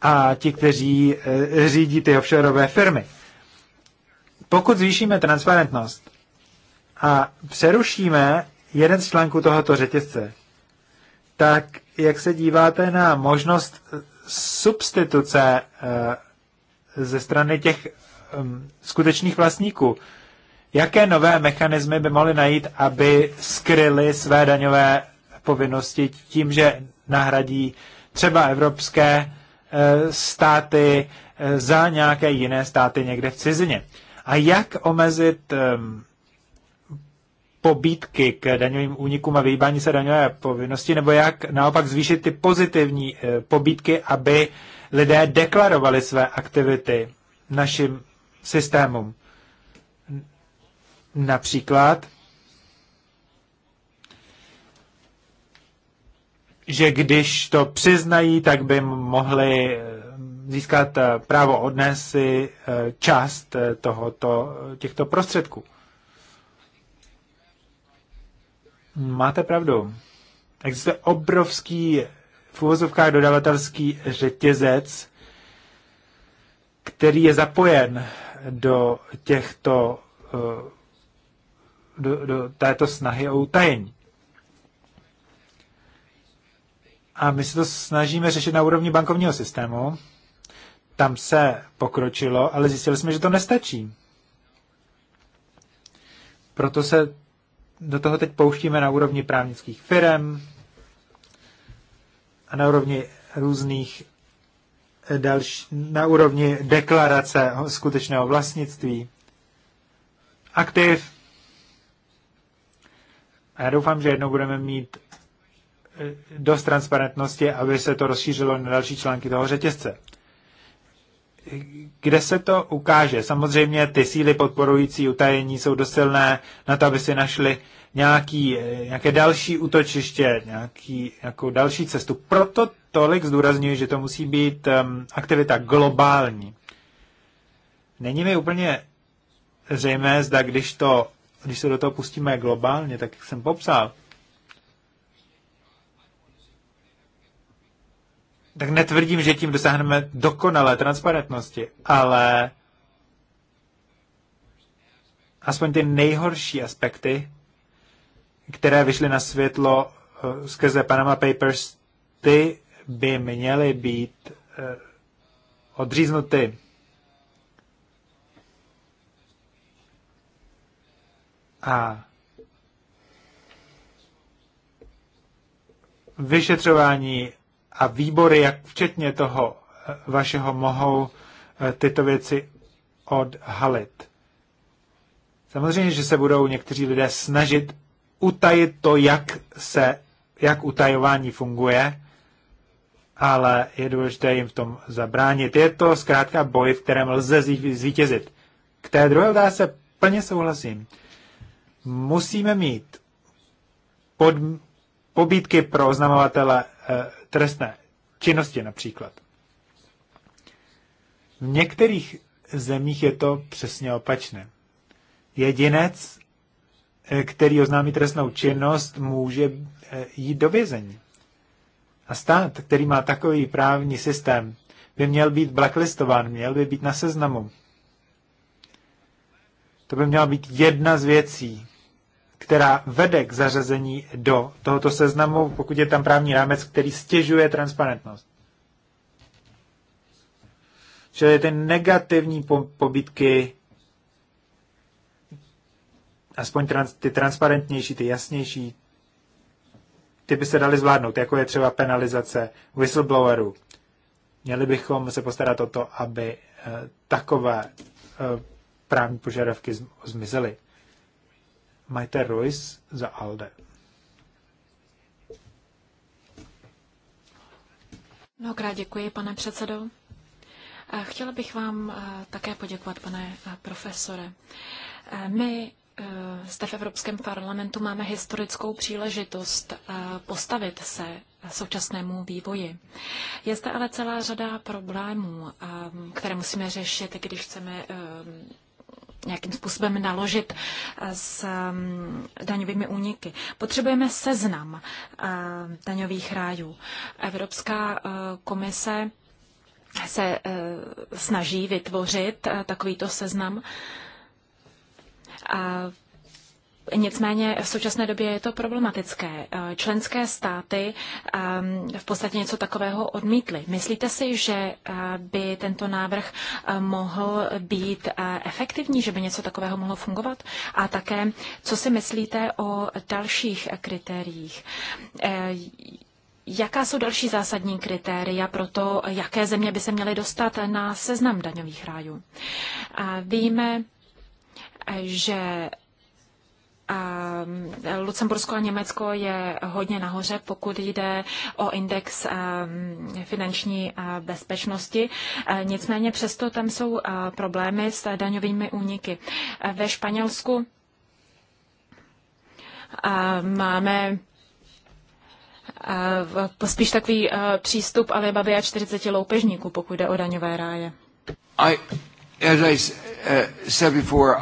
a ti, kteří eh, řídí ty offshoreové firmy. Pokud zvýšíme transparentnost a přerušíme jeden z článků tohoto řetězce, tak jak se díváte na možnost substituce eh, ze strany těch skutečných vlastníků? Jaké nové mechanismy by mohly najít, aby skryly své daňové povinnosti tím, že nahradí třeba evropské eh, státy eh, za nějaké jiné státy někde v cizině? A jak omezit um, pobídky k daňovým únikům a vyhýbání se daňové povinnosti, nebo jak naopak zvýšit ty pozitivní eh, pobídky, aby lidé deklarovali své aktivity našim systémům. Například, že když to přiznají, tak by mohli eh, získat eh, právo odnesy část tohoto, těchto prostředků. Máte pravdu. Existuje obrovský v uvozovkách dodavatelský řetězec, který je zapojen do těchto eh, do, do této snahy o utajení. A my se to snažíme řešit na úrovni bankovního systému. Tam se pokročilo, ale zjistili jsme, že to nestačí. Proto se do toho teď pouštíme na úrovni právnických firm a na úrovni různých eh, další, na úrovni deklarace skutečného vlastnictví, aktiv. A já doufám, že jednou budeme mít eh, dost transparentnosti, aby se to rozšířilo na další články toho řetězce kde se to ukáže? Samozřejmě ty síly podporující utajení jsou dosilné na to, aby si našli nějaký, eh, nějaké další útočiště, nějaký, nějakou další cestu. Proto tolik zdůrazňuji, že to musí být um, aktivita globální. Není mi úplně zřejmé, zda když, to, když se do toho pustíme globálně, tak jak jsem popsal, tak netvrdím, že tím dosáhneme dokonalé transparentnosti, ale aspoň ty nejhorší aspekty, které vyšly na světlo eh, skrze Panama Papers, ty by měly být eh, odříznuty. A vyšetřování a výbory, jak včetně toho eh, vašeho, mohou eh, tyto věci odhalit. Samozřejmě, že se budou někteří lidé snažit utajit to, jak se, jak utajování funguje, ale je důležité jim v tom zabránit. Je to zkrátka boj, v kterém lze zvítězit. K té druhé otázce plně souhlasím. Musíme mít pod, pobídky pro oznamovatele eh, trestné činnosti například. V některých zemích je to přesně opačné. Jedinec, eh, který oznámí trestnou činnost, může eh, jít do vězení. A stát, který má takový právní systém, by měl být blacklistován, měl by být na seznamu. To by měla být jedna z věcí, která vede k zařazení do tohoto seznamu, pokud je tam právní rámec, který stěžuje transparentnost. Čili ty negativní pobytky, aspoň trans, ty transparentnější, ty jasnější, ty by se daly zvládnout, jako je třeba penalizace whistleblowerů. Měli bychom se postarat o to, aby eh, takové eh, právní požadavky zmizely. Majte Ruiz za ALDE. Mnohokrát děkuji, pane předsedo. Chtěla bych vám také poděkovat, pane profesore. My e, zde v Evropském parlamentu máme historickou příležitost postavit se současnému vývoji. Je zde ale celá řada problémů, které musíme řešit, když chceme e, nějakým způsobem naložit s um, daňovými úniky. Potřebujeme seznam uh, daňových rájů. Evropská uh, komise se uh, snaží vytvořit takovýto seznam. Nicméně v současné době je to problematické. Eh, členské státy ehm, v podstatě něco takového odmítly. Myslíte si, že eh, by tento návrh eh, mohl být efektivní, že by něco takového mohlo fungovat? A také, co si myslíte o dalších kritériích? Jaká jsou další zásadní kritéria pro to, jaké země by se měly dostat na seznam daňových rájů? Víme, že Eh, Lucembursko a Německo je hodně nahoře, pokud jde o index eh, finanční eh, bezpečnosti. Nicméně přesto tam jsou problémy s daňovými úniky. Ve Španělsku máme spíš takový přístup Alibaby a 40 loupežníků, pokud jde o daňové ráje. I, as I said before,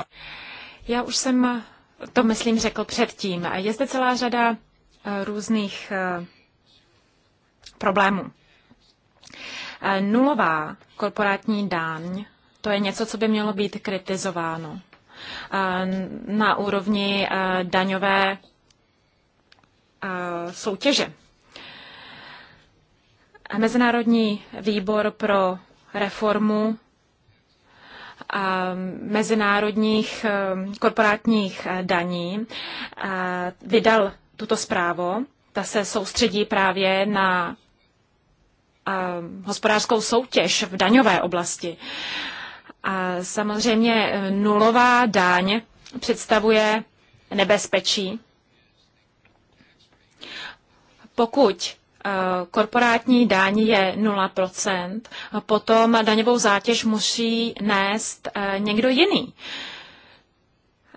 já už jsem to, myslím, řekl předtím. Je zde celá řada eh, různých eh, problémů. Eh, nulová korporátní dáň, to je něco, co by mělo být kritizováno na úrovni daňové soutěže. Mezinárodní výbor pro reformu mezinárodních eh, korporátních eh, daní eh, vydal tuto zprávu. Ta se soustředí právě na hospodářskou soutěž v daňové oblasti. A samozřejmě nulová daň představuje nebezpečí, pokud Eh, korporátní daň je 0%, potom daňovou zátěž musí nést eh, někdo jiný.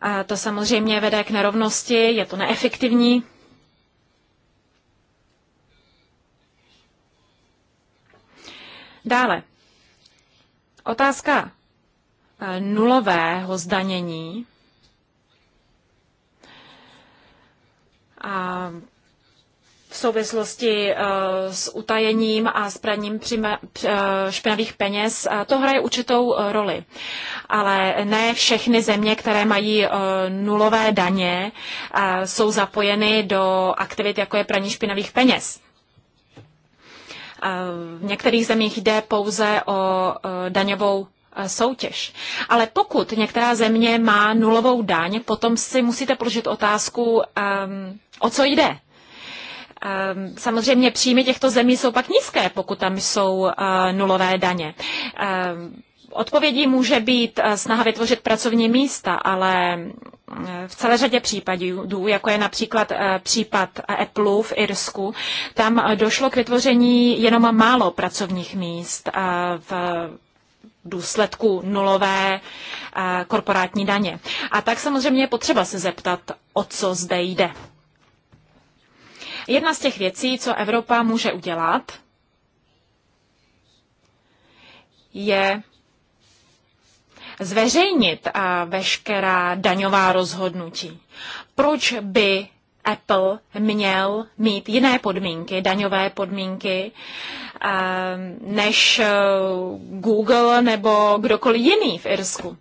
A to samozřejmě vede k nerovnosti, je to neefektivní. Dále. Otázka eh, nulového zdanění. A v souvislosti eh, s utajením a s praním eh, špinavých peněz, eh, to hraje určitou roli. Ale ne všechny země, které mají nulové daně, jsou zapojeny do aktivit, jako je praní špinavých peněz. V některých zemích jde pouze o daňovou soutěž. Ale pokud některá země má nulovou daň, potom si musíte položit otázku, um, o co jde. Ehm, samozřejmě příjmy těchto zemí jsou pak nízké, pokud tam jsou eh, nulové daně. Ehm, odpovědí může být eh, snaha vytvořit pracovní místa, ale eh, v celé řadě případů, jako je například případ Apple v Irsku, tam došlo k vytvoření jenom málo pracovních míst v důsledku nulové korporátní daně. A tak samozřejmě je potřeba se zeptat, o co zde jde. Jedna z těch věcí, co Evropa může udělat, je zveřejnit veškerá daňová rozhodnutí. Proč by Apple měl mít jiné podmínky, daňové podmínky, než e, Google nebo kdokoliv jiný v Irsku.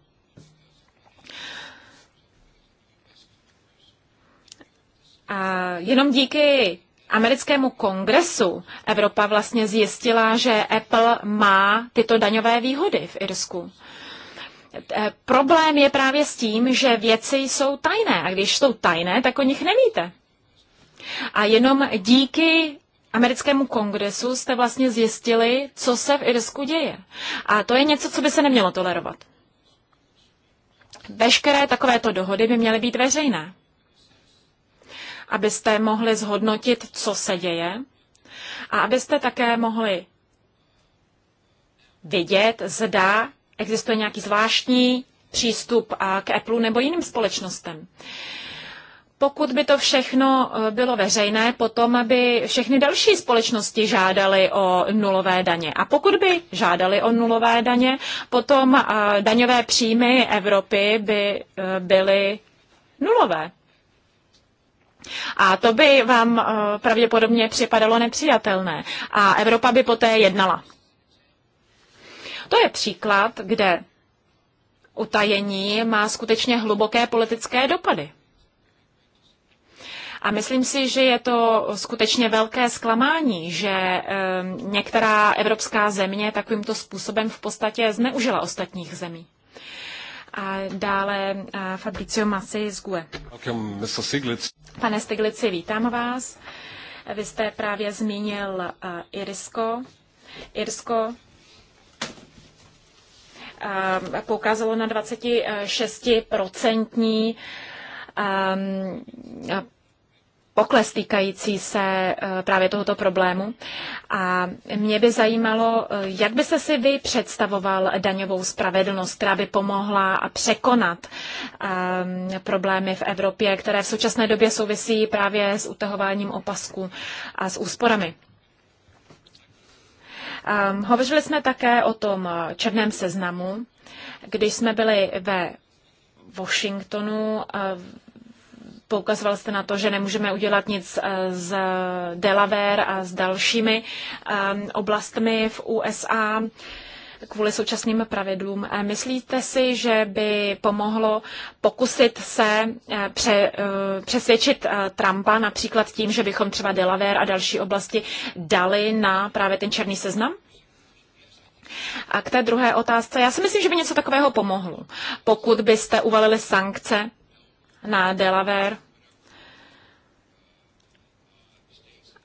jenom díky americkému kongresu Evropa vlastně zjistila, že Apple má tyto daňové výhody v Irsku. E, problém je právě s tím, že věci jsou tajné a když jsou tajné, tak o nich nevíte. A jenom díky americkému kongresu jste vlastně zjistili, co se v Irsku děje. A to je něco, co by se nemělo tolerovat. Veškeré takovéto dohody by měly být veřejné abyste mohli zhodnotit, co se děje a abyste také mohli vidět, zda existuje nějaký zvláštní přístup k Apple nebo jiným společnostem. Pokud by to všechno e, bylo veřejné, potom by všechny další společnosti žádaly o nulové daně. A pokud by žádaly o nulové daně, potom daňové příjmy Evropy by e, byly nulové. A to by vám eh, pravděpodobně připadalo nepřijatelné. A Evropa by poté jednala. To je příklad, kde utajení má skutečně hluboké politické dopady. A myslím si, že je to skutečně velké zklamání, že eh, některá evropská země takovýmto způsobem v podstatě zneužila ostatních zemí. A dále Fabricio Masi z GUE. Pane Stiglici, vítám vás. Vy jste právě zmínil Irsko. Irsko poukázalo na 26% pokles týkající se eh, právě tohoto problému. A mě by zajímalo, eh, jak byste si vy představoval daňovou spravedlnost, která by pomohla překonat ehm, problémy v Evropě, které v současné době souvisí právě s utahováním opasků a s úsporami. Um, hovořili jsme také o tom eh, černém seznamu. Když jsme byli ve Washingtonu, Poukazoval jste na to, že nemůžeme udělat nic eh, z Delaware a s dalšími eh, oblastmi v USA kvůli současným pravidlům. Eh, myslíte si, že by pomohlo pokusit se pře, přesvědčit Trumpa například tím, že bychom třeba Delaware a další oblasti dali na právě ten černý seznam? A k té druhé otázce, já si myslím, že by něco takového pomohlo, pokud byste uvalili sankce na Delaware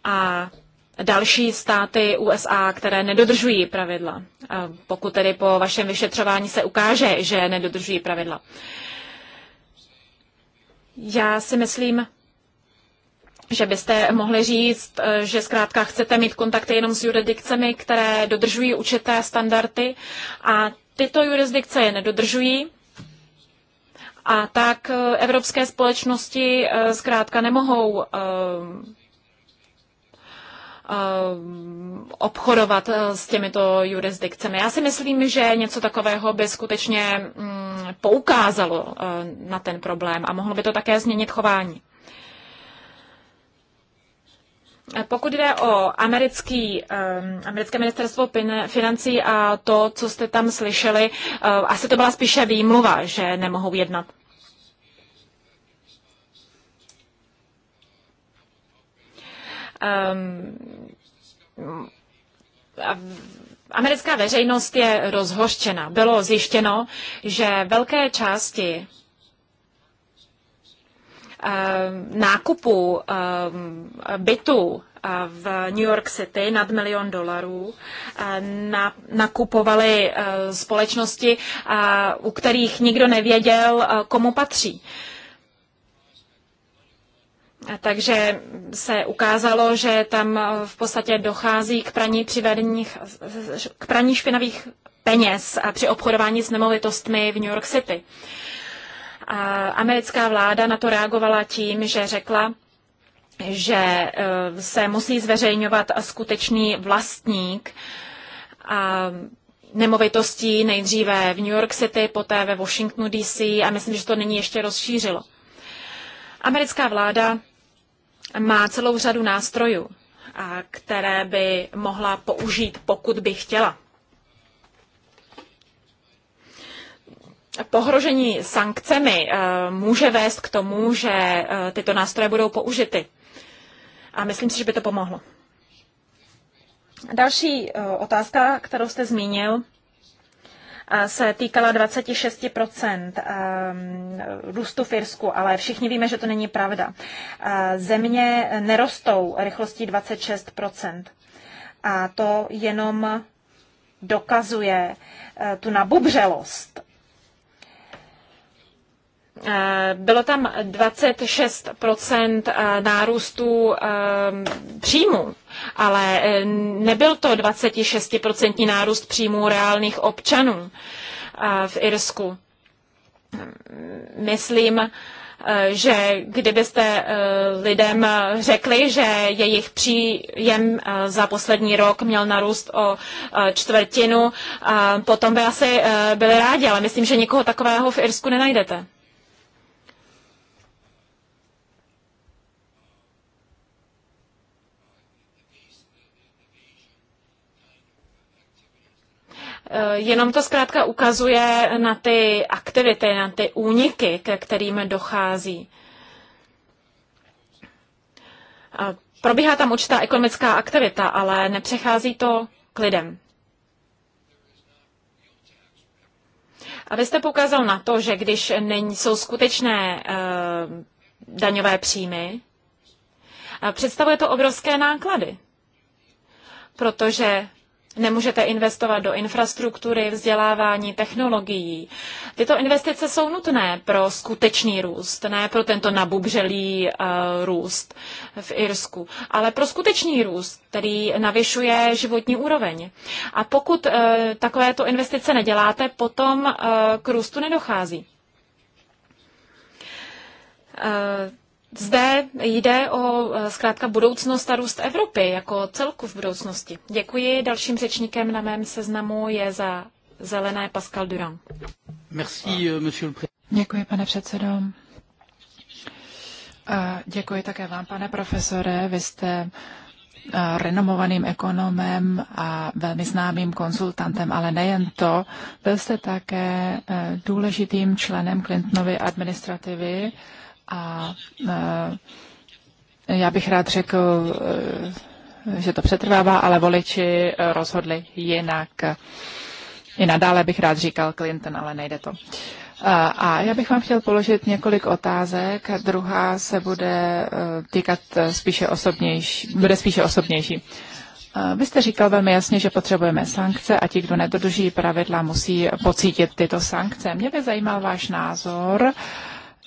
a další státy USA, které nedodržují pravidla. Pokud tedy po vašem vyšetřování se ukáže, že nedodržují pravidla. Já si myslím, že byste mohli říct, že zkrátka chcete mít kontakty jenom s jurisdikcemi, které dodržují určité standardy a tyto jurisdikce je nedodržují a tak eh, evropské společnosti eh, zkrátka nemohou eh, obchodovat s těmito jurisdikcemi. Já si myslím, že něco takového by skutečně mm, poukázalo na ten problém a mohlo by to také změnit chování. Pokud jde o americký, americké ministerstvo financí a to, co jste tam slyšeli, asi to byla spíše výmluva, že nemohou jednat. um, americká veřejnost je rozhořčena. Bylo zjištěno, že velké části ehm, nákupu ehm, bytu eh, v New York City nad milion dolarů eh, na, nakupovaly eh, společnosti, u kterých nikdo nevěděl, komu patří. Takže se ukázalo, že tam v podstatě dochází k praní, přivedních, k praní špinavých peněz a při obchodování s nemovitostmi v New York City. A americká vláda na to reagovala tím, že řekla, že eh, se musí zveřejňovat skutečný vlastník a nemovitostí nejdříve v New York City, poté ve Washingtonu DC a myslím, že to není ještě rozšířilo. Americká vláda má celou řadu nástrojů, které by mohla použít, pokud by chtěla. Pohrožení sankcemi eh, může vést k tomu, že eh, tyto nástroje budou použity. A myslím si, že by to pomohlo. Další eh, otázka, kterou jste zmínil, se týkala 26 ehm, růstu v Irsku, ale všichni víme, že to není pravda. Země nerostou rychlostí 26 a to jenom dokazuje eh, tu nabubřelost eh, bylo tam 26 eh, nárůstu ehm, příjmu ale eh, nebyl to 26% nárůst příjmů reálných občanů eh, v Irsku. Myslím, eh, že kdybyste lidem řekli, že jejich příjem za poslední rok měl narůst o čtvrtinu, potom by asi byli rádi, ale myslím, že nikoho takového v Irsku nenajdete. Eh, jenom to zkrátka ukazuje na ty aktivity, na ty úniky, ke kterým dochází. Eh, probíhá tam určitá ekonomická aktivita, ale nepřechází to k lidem. A vy jste poukázal na to, že když není, jsou skutečné uh, daňové příjmy, představuje to obrovské náklady, protože Nemůžete investovat do infrastruktury, vzdělávání, technologií. Tyto investice jsou nutné pro skutečný růst, ne pro tento nabubřelý uh, růst v Irsku, ale pro skutečný růst, který navyšuje životní úroveň. A pokud uh, takovéto investice neděláte, potom uh, k růstu nedochází. Uh, zde jde o e, zkrátka budoucnost a růst Evropy jako celku v budoucnosti. Děkuji. Dalším řečníkem na mém seznamu je za zelené Pascal Durand. Merci, Děkuji, e, pane předsedo. A děkuji také vám, pane profesore. Vy jste e, renomovaným ekonomem a velmi známým konzultantem, ale nejen to. Byl jste také důležitým členem Clintonovy administrativy a eh, já bych rád řekl, eh, že to přetrvává, ale voliči eh, rozhodli jinak. I nadále bych rád říkal Clinton, ale nejde to. A já bych vám chtěl položit několik otázek. Druhá se bude týkat spíše osobnější, bude spíše osobnější. Vy jste říkal velmi jasně, že potřebujeme sankce a ti, kdo nedodrží pravidla, musí pocítit tyto sankce. Mě by zajímal váš názor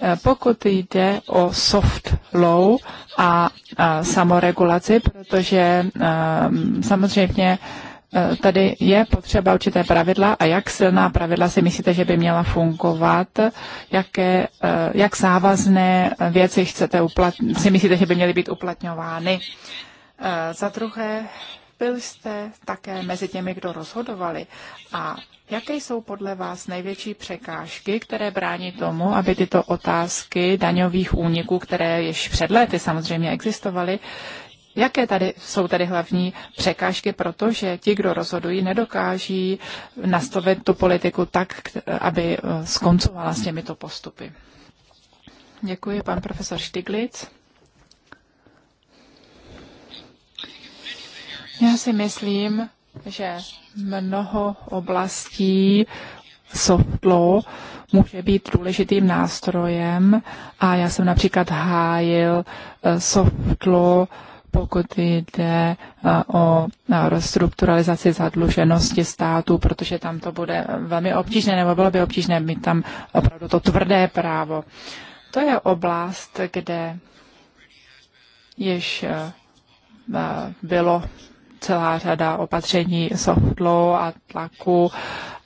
Eh, pokud jde o soft law a, a samoregulaci, protože ehm, samozřejmě eh, tady je potřeba určité pravidla a jak silná pravidla si myslíte, že by měla fungovat, jaké, eh, jak závazné věci chcete uplat, si myslíte, že by měly být uplatňovány. Za druhé, byl jste také mezi těmi, kdo rozhodovali a Jaké jsou podle vás největší překážky, které brání tomu, aby tyto otázky daňových úniků, které již před lety samozřejmě existovaly, Jaké tady jsou tady hlavní překážky, protože ti, kdo rozhodují, nedokáží nastavit tu politiku tak, aby eh, skoncovala s těmito postupy. Děkuji, pan profesor Štiglic. Já si myslím, že mnoho oblastí soft law může být důležitým nástrojem a já jsem například hájil eh, soft law, pokud jde eh, o eh, restrukturalizaci zadluženosti státu, protože tam to bude velmi obtížné, nebo bylo by obtížné mít tam opravdu to tvrdé právo. To je oblast, kde již bylo celá řada opatření soft law a tlaku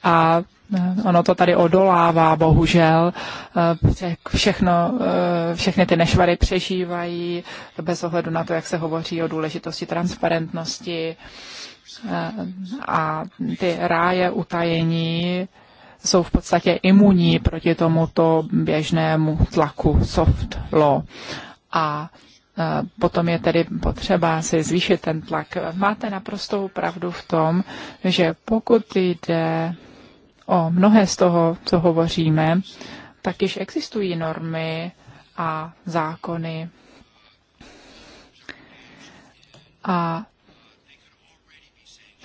a eh, Ono to tady odolává, bohužel. Eh, všechno, eh, všechny ty nešvary přežívají bez ohledu na to, jak se hovoří o důležitosti transparentnosti a ty ráje utajení jsou v podstatě imunní proti tomuto běžnému tlaku soft law. A Eh, potom je tedy potřeba si zvýšit ten tlak. Máte naprostou pravdu v tom, že pokud jde o mnohé z toho, co hovoříme, tak již existují normy a zákony. A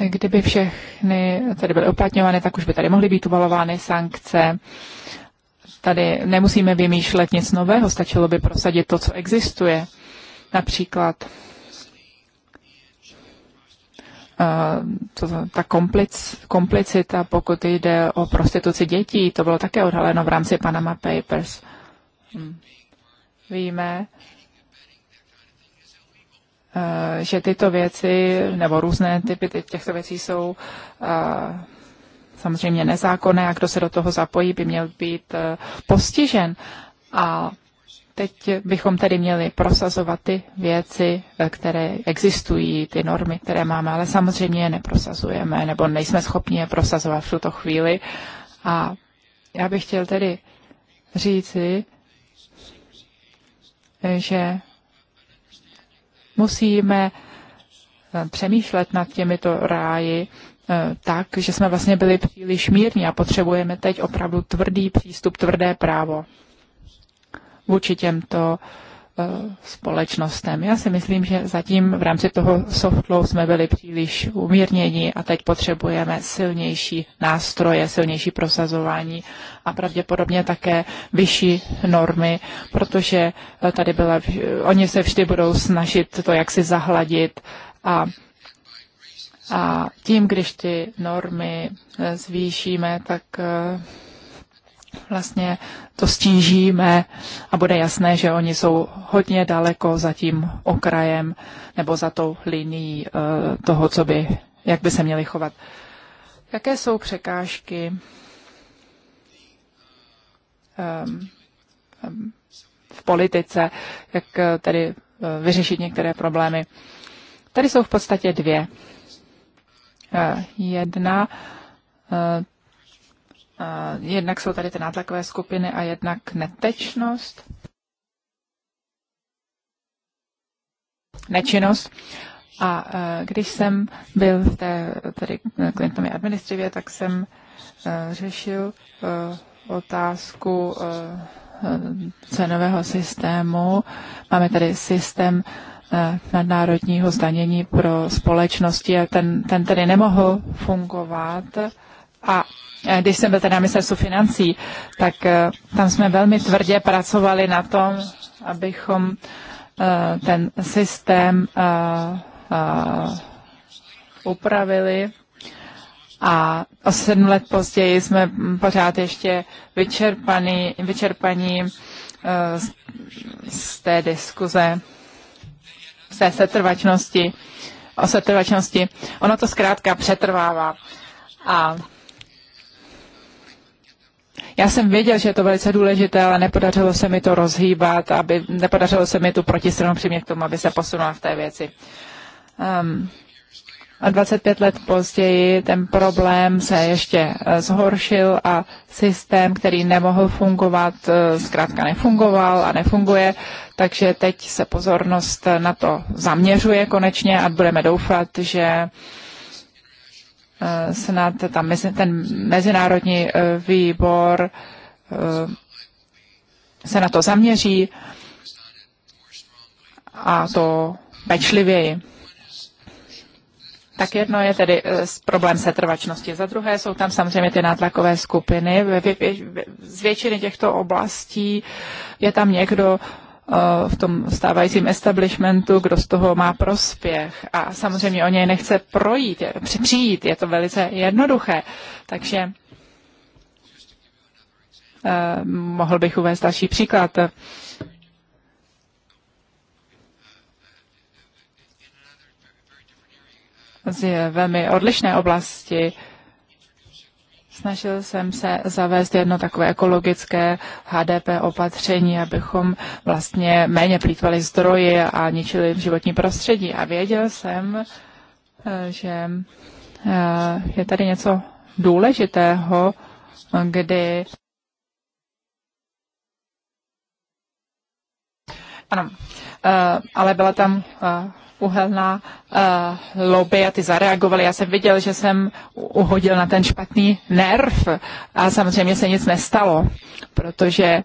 kdyby všechny tady byly uplatňovány, tak už by tady mohly být uvalovány sankce. Tady nemusíme vymýšlet nic nového, stačilo by prosadit to, co existuje. Například eh, ta komplic, komplicita, pokud jde o prostituci dětí, to bylo také odhaleno v rámci Panama Papers. Hmm. Víme, eh, že tyto věci nebo různé typy těchto věcí jsou eh, samozřejmě nezákonné a kdo se do toho zapojí, by měl být postižen. A Teď bychom tedy měli prosazovat ty věci, eh, které existují, ty normy, které máme, ale samozřejmě je neprosazujeme, nebo nejsme schopni je prosazovat v tuto chvíli. A já bych chtěl tedy říci, že musíme eh, přemýšlet nad těmito ráji eh, tak, že jsme vlastně byli příliš mírní a potřebujeme teď opravdu tvrdý přístup, tvrdé právo vůči těmto eh, společnostem. Já si myslím, že zatím v rámci toho softlou jsme byli příliš umírnění a teď potřebujeme silnější nástroje, silnější prosazování a pravděpodobně také vyšší normy, protože eh, tady byla, oni se vždy budou snažit to jaksi zahladit a a tím, když ty normy eh, zvýšíme, tak vlastně to stížíme a bude jasné, že oni jsou hodně daleko za tím okrajem nebo za tou linií eh, toho, co by, jak by se měli chovat. Jaké jsou překážky ehm, ehm, v politice, jak eh, tedy eh, vyřešit některé problémy? Tady jsou v podstatě dvě. Jedna, Eh, jednak jsou tady ty nátlakové skupiny a jednak netečnost, nečinnost. A eh, když jsem byl v té tedy eh, Clintonově administrivě, tak jsem řešil otázku cenového systému. Máme tady systém nadnárodního zdanění pro společnosti a ten, ten tedy nemohl fungovat a eh, když jsem byl tedy na ministerstvu financí, tak eh, tam jsme velmi tvrdě pracovali na tom, abychom eh, ten systém upravili. A o sedm let později jsme pořád ještě vyčerpaní, vyčerpaní z té diskuze, z té setrvačnosti, o setrvačnosti. Ono to zkrátka přetrvává. A já jsem věděl, že je to velice důležité, ale nepodařilo se mi to rozhýbat, aby, nepodařilo se mi tu protistranu přimět k tomu, aby se posunula v té věci. Um, a 25 let později ten problém se ještě eh, zhoršil a systém, který nemohl fungovat, eh, zkrátka nefungoval a nefunguje, takže teď se pozornost na to zaměřuje konečně a budeme doufat, že Eh, snad ta, ten mezinárodní eh, výbor eh, se na to zaměří a to pečlivěji. Tak jedno je tedy problém setrvačnosti. Za druhé jsou tam samozřejmě ty nátlakové skupiny. Z většiny těchto oblastí je tam někdo, v tom stávajícím establishmentu, kdo z toho má prospěch a samozřejmě o něj nechce projít, přijít, je to velice jednoduché. Takže eh, mohl bych uvést další příklad. Z velmi odlišné oblasti Snažil jsem se zavést jedno takové ekologické HDP opatření, abychom vlastně méně plítvali zdroje a ničili životní prostředí. A věděl jsem, eh, že eh, je tady něco důležitého, kdy ano, eh, ale byla tam uhelná uh, lobby a ty zareagovali. Já jsem viděl, že jsem uhodil na ten špatný nerv a samozřejmě se nic nestalo, protože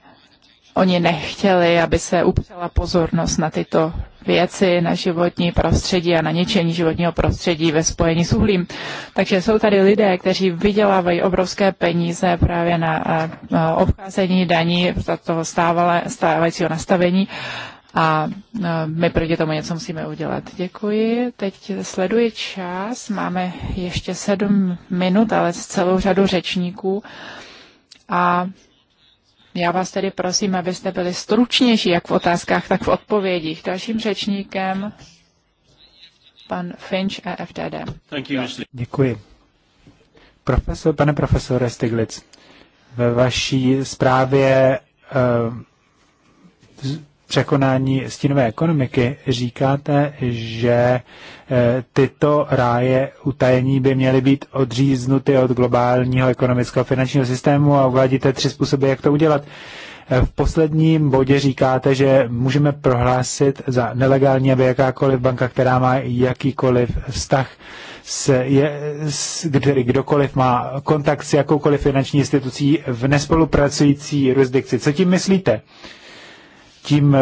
oni nechtěli, aby se upřela pozornost na tyto věci, na životní prostředí a na ničení životního prostředí ve spojení s uhlím. Takže jsou tady lidé, kteří vydělávají obrovské peníze právě na, na eh, obcházení daní za toho stávala, stávajícího nastavení a e, my proti tomu něco musíme udělat. Děkuji. Teď sleduji čas. Máme ještě sedm minut, ale s celou řadu řečníků. A já vás tedy prosím, abyste byli stručnější, jak v otázkách, tak v odpovědích. Dalším řečníkem pan Finch EFTD. Děkuji. Profesor, pane profesore Stiglitz, ve vaší zprávě uh, překonání stínové ekonomiky říkáte, že e, tyto ráje utajení by měly být odříznuty od globálního ekonomického finančního systému a uvádíte tři způsoby, jak to udělat. E, v posledním bodě říkáte, že můžeme prohlásit za nelegální, aby jakákoliv banka, která má jakýkoliv vztah, s, je, s, kdy, kdokoliv má kontakt s jakoukoliv finanční institucí v nespolupracující jurisdikci. Co tím myslíte? Uh, tím eh,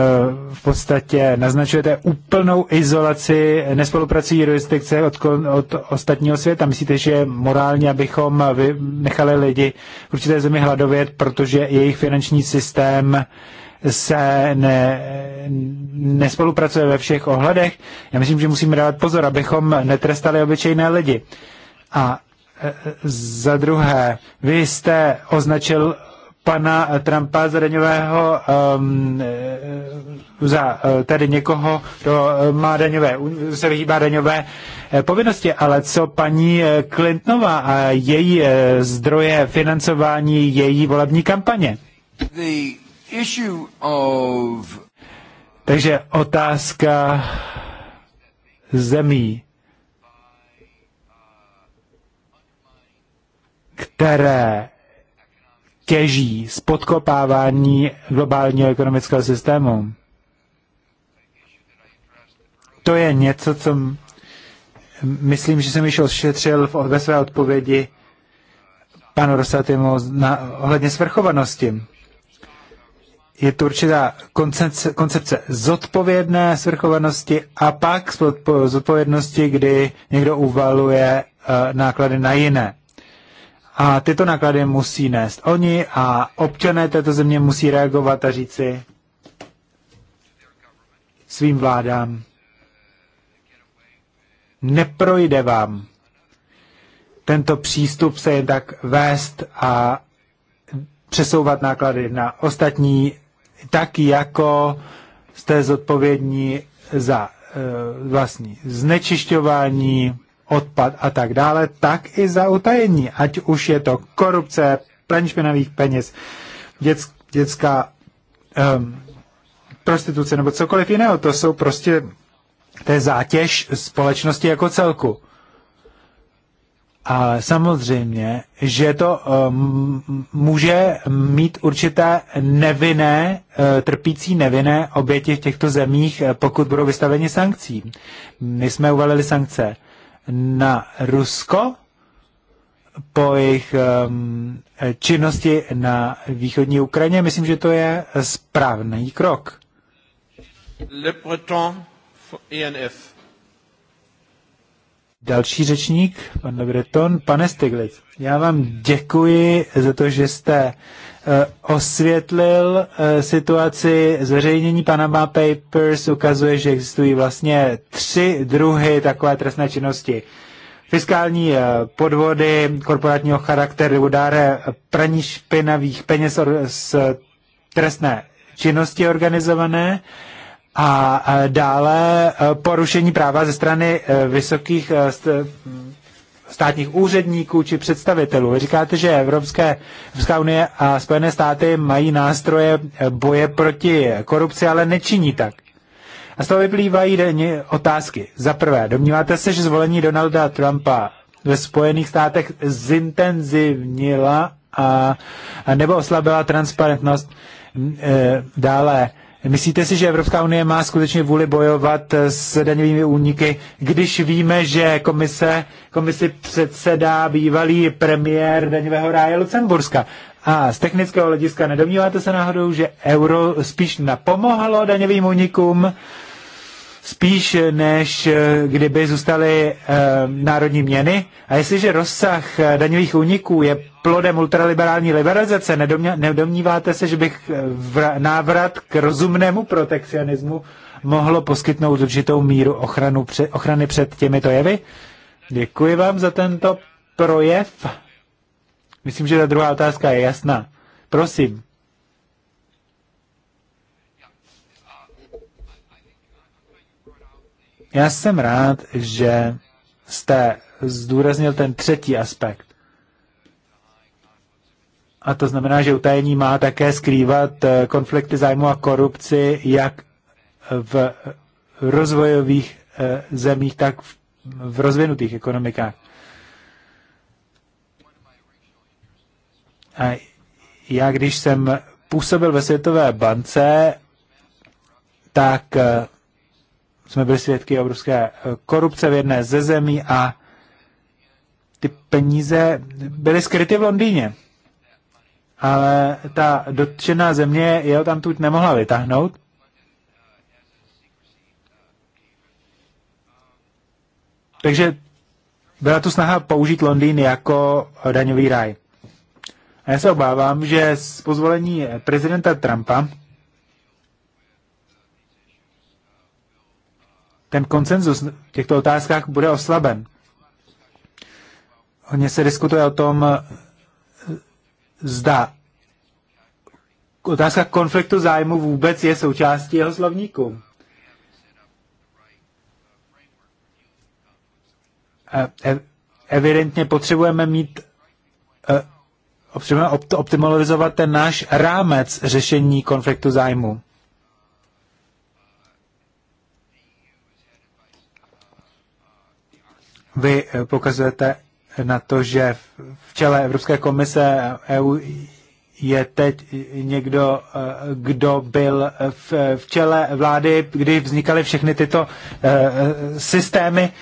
v podstatě naznačujete úplnou izolaci nespolupracují jurisdikce od, od ostatního světa. Myslíte, že morálně bychom nechali lidi v určité zemi hladovět, protože jejich finanční systém se ne, nespolupracuje ve všech ohledech? Já myslím, že musíme dávat pozor, abychom netrestali obyčejné lidi. A eh, za druhé, vy jste označil pana eh, Trumpa ehm, eh, za daňového, eh, um, za tedy někoho, kdo má daňové, se vyhýbá daňové povinnosti, ale co paní Clintonová a její zdroje financování její volební kampaně? The issue of... Takže otázka zemí, které těží z podkopávání globálního ekonomického systému. To je něco, co myslím, že jsem již ošetřil ve své odpovědi panu Rosatimu na, ohledně svrchovanosti. Je to určitá koncepce, koncepce zodpovědné svrchovanosti a pak zodpovědnosti, kdy někdo uvaluje uh, náklady na jiné. A tyto náklady musí nést oni a občané této země musí reagovat a říci svým vládám, neprojde vám tento přístup se jen tak vést a přesouvat náklady na ostatní, tak jako jste zodpovědní za eh, vlastní znečišťování, odpad a tak dále, tak i za utajení, ať už je to korupce, praní špinavých peněz, dět, dětská um, prostituce nebo cokoliv jiného. To jsou prostě, to je zátěž společnosti jako celku. A samozřejmě, že to um, může mít určité nevinné, uh, trpící nevinné oběti v těchto zemích, eh, pokud budou vystaveni sankcím. My jsme uvalili sankce. Uh, na Rusko po jejich um, činnosti na východní Ukrajině. Myslím, že to je správný krok. Le Breton, Další řečník, pan Le Breton, pane Stiglitz. Já vám děkuji za to, že jste Eh, osvětlil eh, situaci zveřejnění Panama Papers, ukazuje, že existují vlastně tři druhy takové trestné činnosti. Fiskální eh, podvody korporátního charakteru, udáre praní špinavých peněz z trestné činnosti organizované a dále porušení práva ze strany vysokých státních úředníků či představitelů. Vy říkáte, že Evropské, Evropská unie a Spojené státy mají nástroje eh, boje proti korupci, ale nečiní tak. A z toho vyplývají otázky. Za prvé, domníváte se, že zvolení Donalda Trumpa ve Spojených státech zintenzivnila a, a nebo oslabila transparentnost e, dále Myslíte si, že Evropská unie má skutečně vůli bojovat eh, s daňovými úniky, když víme, že komise, komisi předsedá bývalý premiér daňového ráje Lucemburska? A z technického hlediska nedomníváte se náhodou, že euro spíš napomohlo daňovým únikům? spíš eh, než eh, kdyby zůstaly eh, národní měny. A jestliže rozsah daňových úniků je plodem ultraliberální liberalizace, nedomníváte se, že bych návrat k rozumnému protekcionismu mohlo poskytnout určitou míru ochranu, ochrany před těmito jevy? Děkuji vám za tento projev. Myslím, že ta druhá otázka je jasná. Prosím. Já jsem rád, že jste zdůraznil ten třetí aspekt. A to znamená, že utajení má také skrývat eh, konflikty zájmu a korupci jak v rozvojových eh, zemích, tak v rozvinutých ekonomikách. A já, když jsem působil ve Světové bance, tak eh, jsme byli svědky obrovské eh, korupce v jedné ze zemí a ty peníze byly skryty v Londýně. Ale ta dotčená země je tam tuď nemohla vytáhnout. Takže byla tu snaha použít Londýn jako daňový ráj. A já se obávám, že s pozvolení prezidenta Trumpa ten konsenzus v těchto otázkách bude oslaben. Hodně se diskutuje o tom, zda otázka konfliktu zájmu vůbec je součástí jeho slovníku. Evidentně potřebujeme mít e, potřebujeme optimalizovat ten náš rámec řešení konfliktu zájmu. Vy eh, pokazujete na to, že v čele Evropské komise EU je teď někdo, eh, kdo byl v, čele vlády, kdy vznikaly všechny tyto eh, systémy,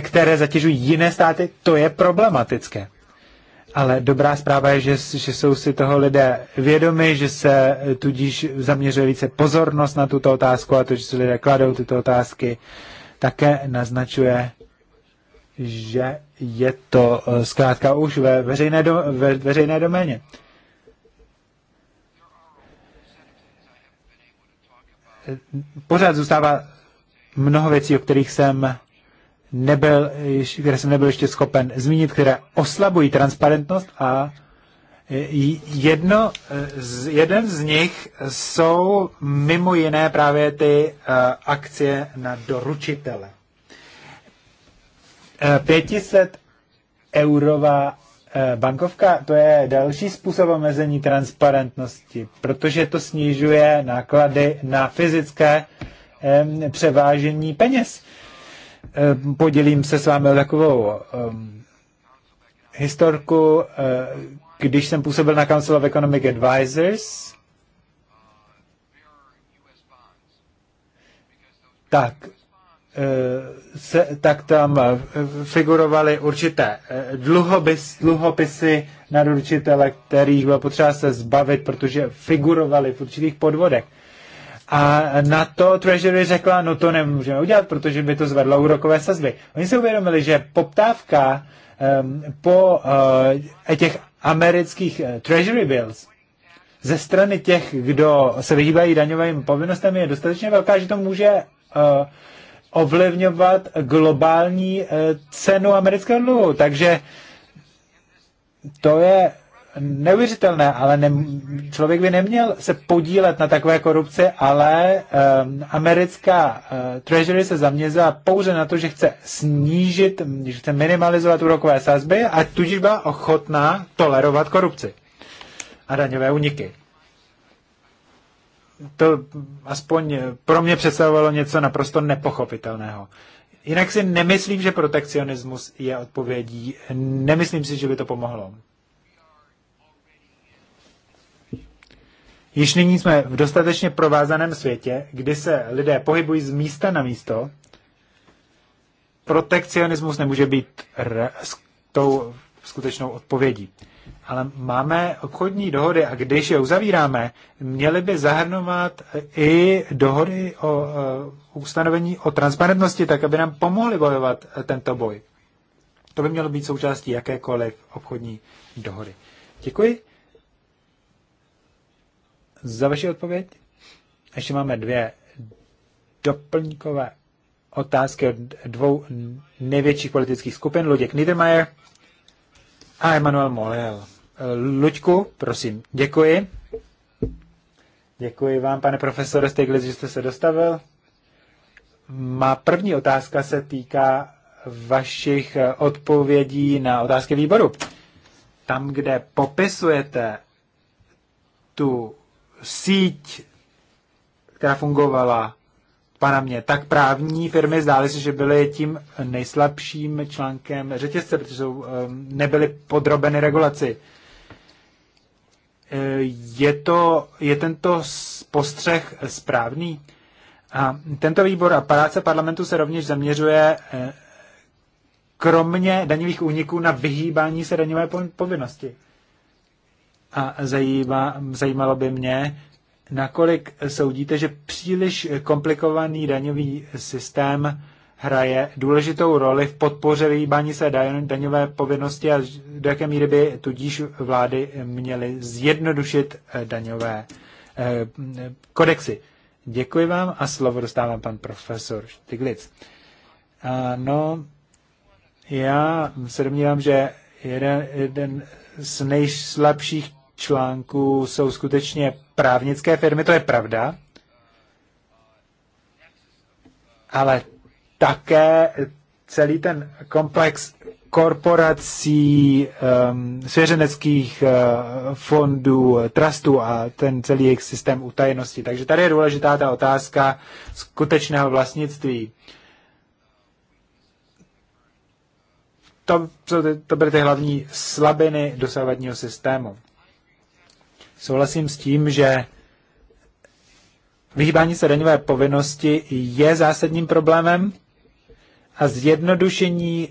které zatěžují jiné státy, to je problematické. Ale dobrá zpráva je, že, že jsou si toho lidé vědomi, že se tudíž zaměřuje více pozornost na tuto otázku a to, že si lidé kladou tyto otázky, také naznačuje, že je to eh, zkrátka už ve veřejné, do, ve veřejné doméně. Pořád zůstává mnoho věcí, o kterých jsem nebyl, které jsem nebyl ještě schopen zmínit, které oslabují transparentnost a eh, jedno, eh, jeden z nich jsou mimo jiné právě ty akcie na doručitele. 500 eh, eurová eh, bankovka, to je další způsob omezení transparentnosti, protože to snižuje náklady na fyzické převážení peněz. Podělím se s vámi o takovou historku, eh, když jsem působil na Council of Economic Advisors, tak se, tak tam eh, figurovaly určité eh, dluhopis, dluhopisy na ručitele, kterých bylo potřeba se zbavit, protože figurovaly v určitých podvodech. A na to Treasury řekla, no to nemůžeme udělat, protože by to zvedlo úrokové sazby. Oni si uvědomili, že poptávka um, po uh, těch amerických Treasury bills ze strany těch, kdo se vyhýbají daňovým povinnostem, je dostatečně velká, že to může uh, ovlivňovat globální eh, cenu amerického dluhu. Takže to je neuvěřitelné, ale ne, člověk by neměl se podílet na takové korupci, ale um, americká uh, Treasury se zaměřila pouze na to, že chce snížit, že chce minimalizovat úrokové sazby a tudíž byla ochotná tolerovat korupci a daňové uniky to aspoň pro mě představovalo něco naprosto nepochopitelného. Jinak si nemyslím, že protekcionismus je odpovědí. Nemyslím si, že by to pomohlo. Již nyní jsme v dostatečně provázaném světě, kdy se lidé pohybují z místa na místo. Protekcionismus nemůže být tou skutečnou odpovědí ale máme obchodní dohody a když je uzavíráme, měly by zahrnovat i dohody o eh, ustanovení o transparentnosti, tak aby nám pomohly bojovat eh, tento boj. To by mělo být součástí jakékoliv obchodní dohody. Děkuji za vaši odpověď. Ještě máme dvě doplňkové otázky od dvou největších politických skupin, Luděk Niedermayer a Emanuel Morel. Luďku, prosím. Děkuji. Děkuji vám, pane profesore Stiglitz, že jste se dostavil. Má první otázka se týká vašich eh, odpovědí na otázky výboru. Tam, kde popisujete tu síť, která fungovala mě, tak právní firmy zdály se, že byly tím nejslabším článkem řetězce, protože ehm, nebyly podrobeny regulaci. Eh, je, to, je tento postřeh správný? A tento výbor a práce parlamentu se rovněž zaměřuje eh, kromě daňových úniků na vyhýbání se daňové povinnosti. A zajíma, zajímalo by mě, nakolik soudíte, že příliš komplikovaný daňový systém hraje důležitou roli v podpoře výbání se daňové povinnosti a do jaké míry by tudíž vlády měly zjednodušit eh, daňové eh, kodexy. Děkuji vám a slovo dostávám pan profesor Štiglic. No, já se domnívám, že jeden, jeden z nejslabších článků jsou skutečně právnické firmy, to je pravda, ale také celý ten komplex korporací, um, svěřeneckých uh, fondů, trustů a ten celý jejich systém utajenosti. Takže tady je důležitá ta otázka skutečného vlastnictví. To, to byly ty hlavní slabiny dosavadního systému. Souhlasím s tím, že vyhýbání se daňové povinnosti je zásadním problémem, a zjednodušení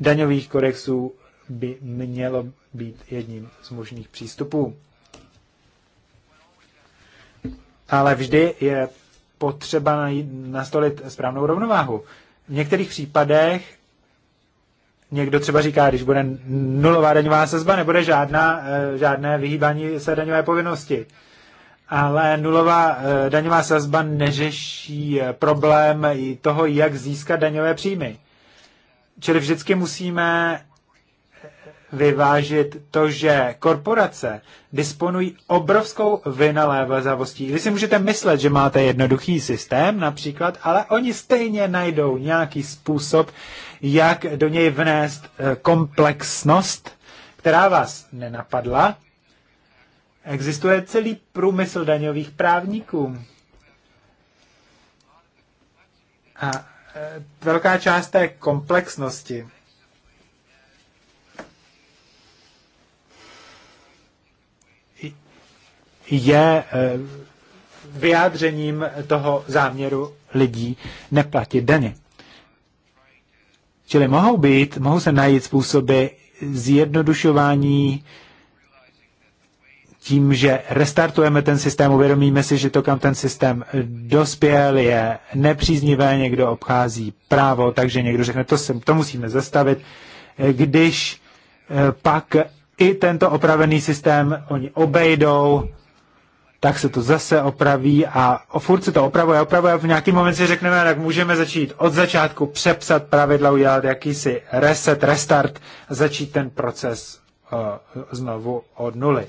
daňových kodexů by mělo být jedním z možných přístupů. Ale vždy je potřeba nastolit správnou rovnováhu. V některých případech někdo třeba říká, když bude nulová daňová sazba, nebude žádná, eh, žádné vyhýbání se daňové povinnosti ale nulová eh, daňová sazba neřeší eh, problém i toho, jak získat daňové příjmy. Čili vždycky musíme vyvážit to, že korporace disponují obrovskou vynalévazavostí. Vy si můžete myslet, že máte jednoduchý systém například, ale oni stejně najdou nějaký způsob, jak do něj vnést eh, komplexnost, která vás nenapadla, Existuje celý průmysl daňových právníků. A e, velká část té komplexnosti je e, vyjádřením toho záměru lidí neplatit daně. Čili mohou být, mohou se najít způsoby zjednodušování tím, že restartujeme ten systém, uvědomíme si, že to, kam ten systém dospěl, je nepříznivé, někdo obchází právo, takže někdo řekne, to, se, to musíme zastavit. Když eh, pak i tento opravený systém oni obejdou, tak se to zase opraví a furt se to opravuje, opravuje a v nějaký moment si řekneme, tak můžeme začít od začátku přepsat pravidla, udělat jakýsi reset, restart, začít ten proces uh, znovu od nuly.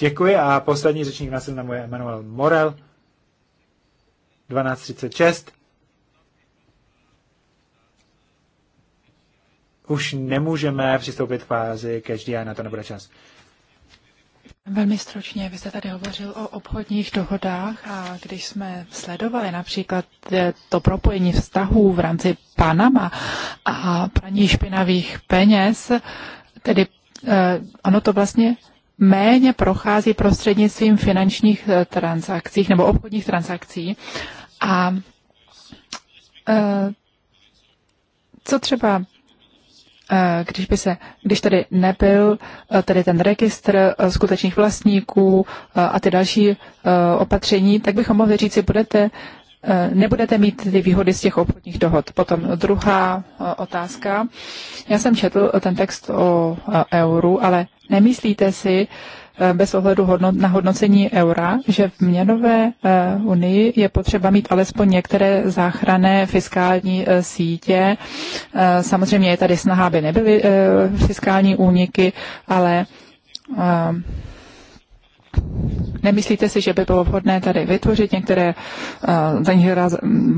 Děkuji a poslední řečník na seznamu je Emanuel Morel, 1236. Už nemůžeme přistoupit k fázi každý a na to nebude čas. Velmi stručně, vy jste tady hovořil o obchodních dohodách a když jsme sledovali například eh, to propojení vztahů v rámci Panama a praní špinavých peněz, tedy ano, eh, ono to vlastně méně prochází prostřednictvím finančních eh, transakcí nebo obchodních transakcí. A eh, co třeba eh, když by se, když tady nebyl tady ten registr skutečných vlastníků a ty další opatření, tak bychom mohli říci, budete Eh, nebudete mít ty výhody z těch obchodních dohod. Potom druhá eh, otázka. Já jsem četl ten text o eh, euru, ale nemyslíte si, bez ohledu na hodnocení eura, že v měnové unii je potřeba mít alespoň některé záchranné fiskální sítě. Samozřejmě je tady snaha, aby nebyly fiskální úniky, ale Nemyslíte si, že by bylo vhodné tady vytvořit některé uh,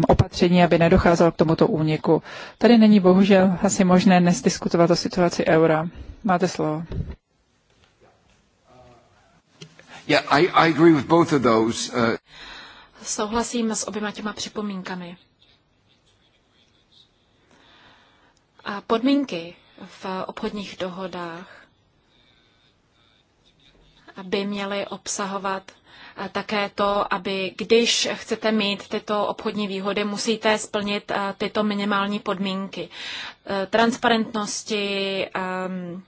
opatření, aby nedocházelo k tomuto úniku? Tady není bohužel asi možné dnes diskutovat o situaci eura. Máte slovo. Yeah, I, I agree with both of those. Uh... Souhlasím s oběma těma připomínkami. A podmínky v obchodních dohodách by měly obsahovat eh, také to, aby když chcete mít tyto obchodní výhody, musíte splnit eh, tyto minimální podmínky eh, transparentnosti, ehm,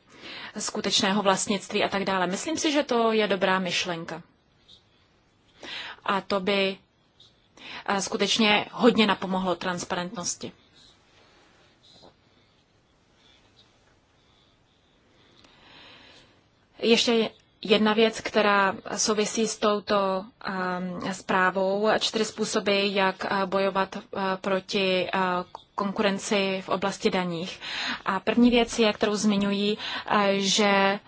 skutečného vlastnictví a tak dále. Myslím si, že to je dobrá myšlenka. A to by skutečně hodně napomohlo transparentnosti. Ještě Jedna věc, která souvisí s touto um, zprávou, čtyři způsoby, jak uh, bojovat uh, proti uh, konkurenci v oblasti daních. A první věc je, kterou zmiňují, že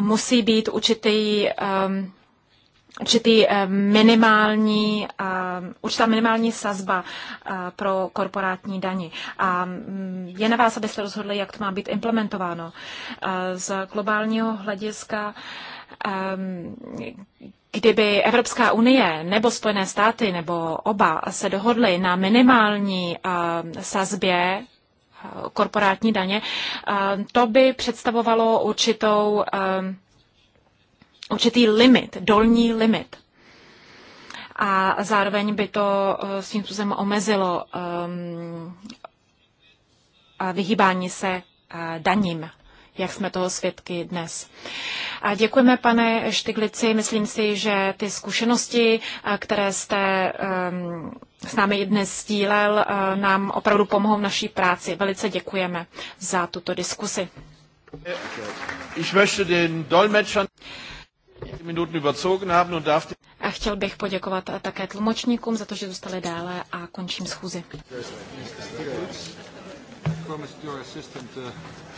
musí být určitý um, určitý eh, minimální, eh, určitá minimální sazba eh, pro korporátní dani. A mm, je na vás, abyste rozhodli, jak to má být implementováno. Z globálního hlediska Kdyby Evropská unie nebo Spojené státy nebo oba se dohodly na minimální sazbě korporátní daně, to by představovalo určitou určitý limit, dolní limit. A zároveň by to tím eh, způsobem omezilo um, vyhýbání se eh, daním jak jsme toho svědky dnes. A děkujeme, pane Štyglici. Myslím si, že ty zkušenosti, eh, které jste um, s námi dnes sdílel, nám opravdu pomohou v naší práci. Velice děkujeme za tuto diskusi. Ich möchte den Dolmetschern... No a chtěl bych poděkovat také tlumočníkům za to, že zůstali dále a končím schůzi.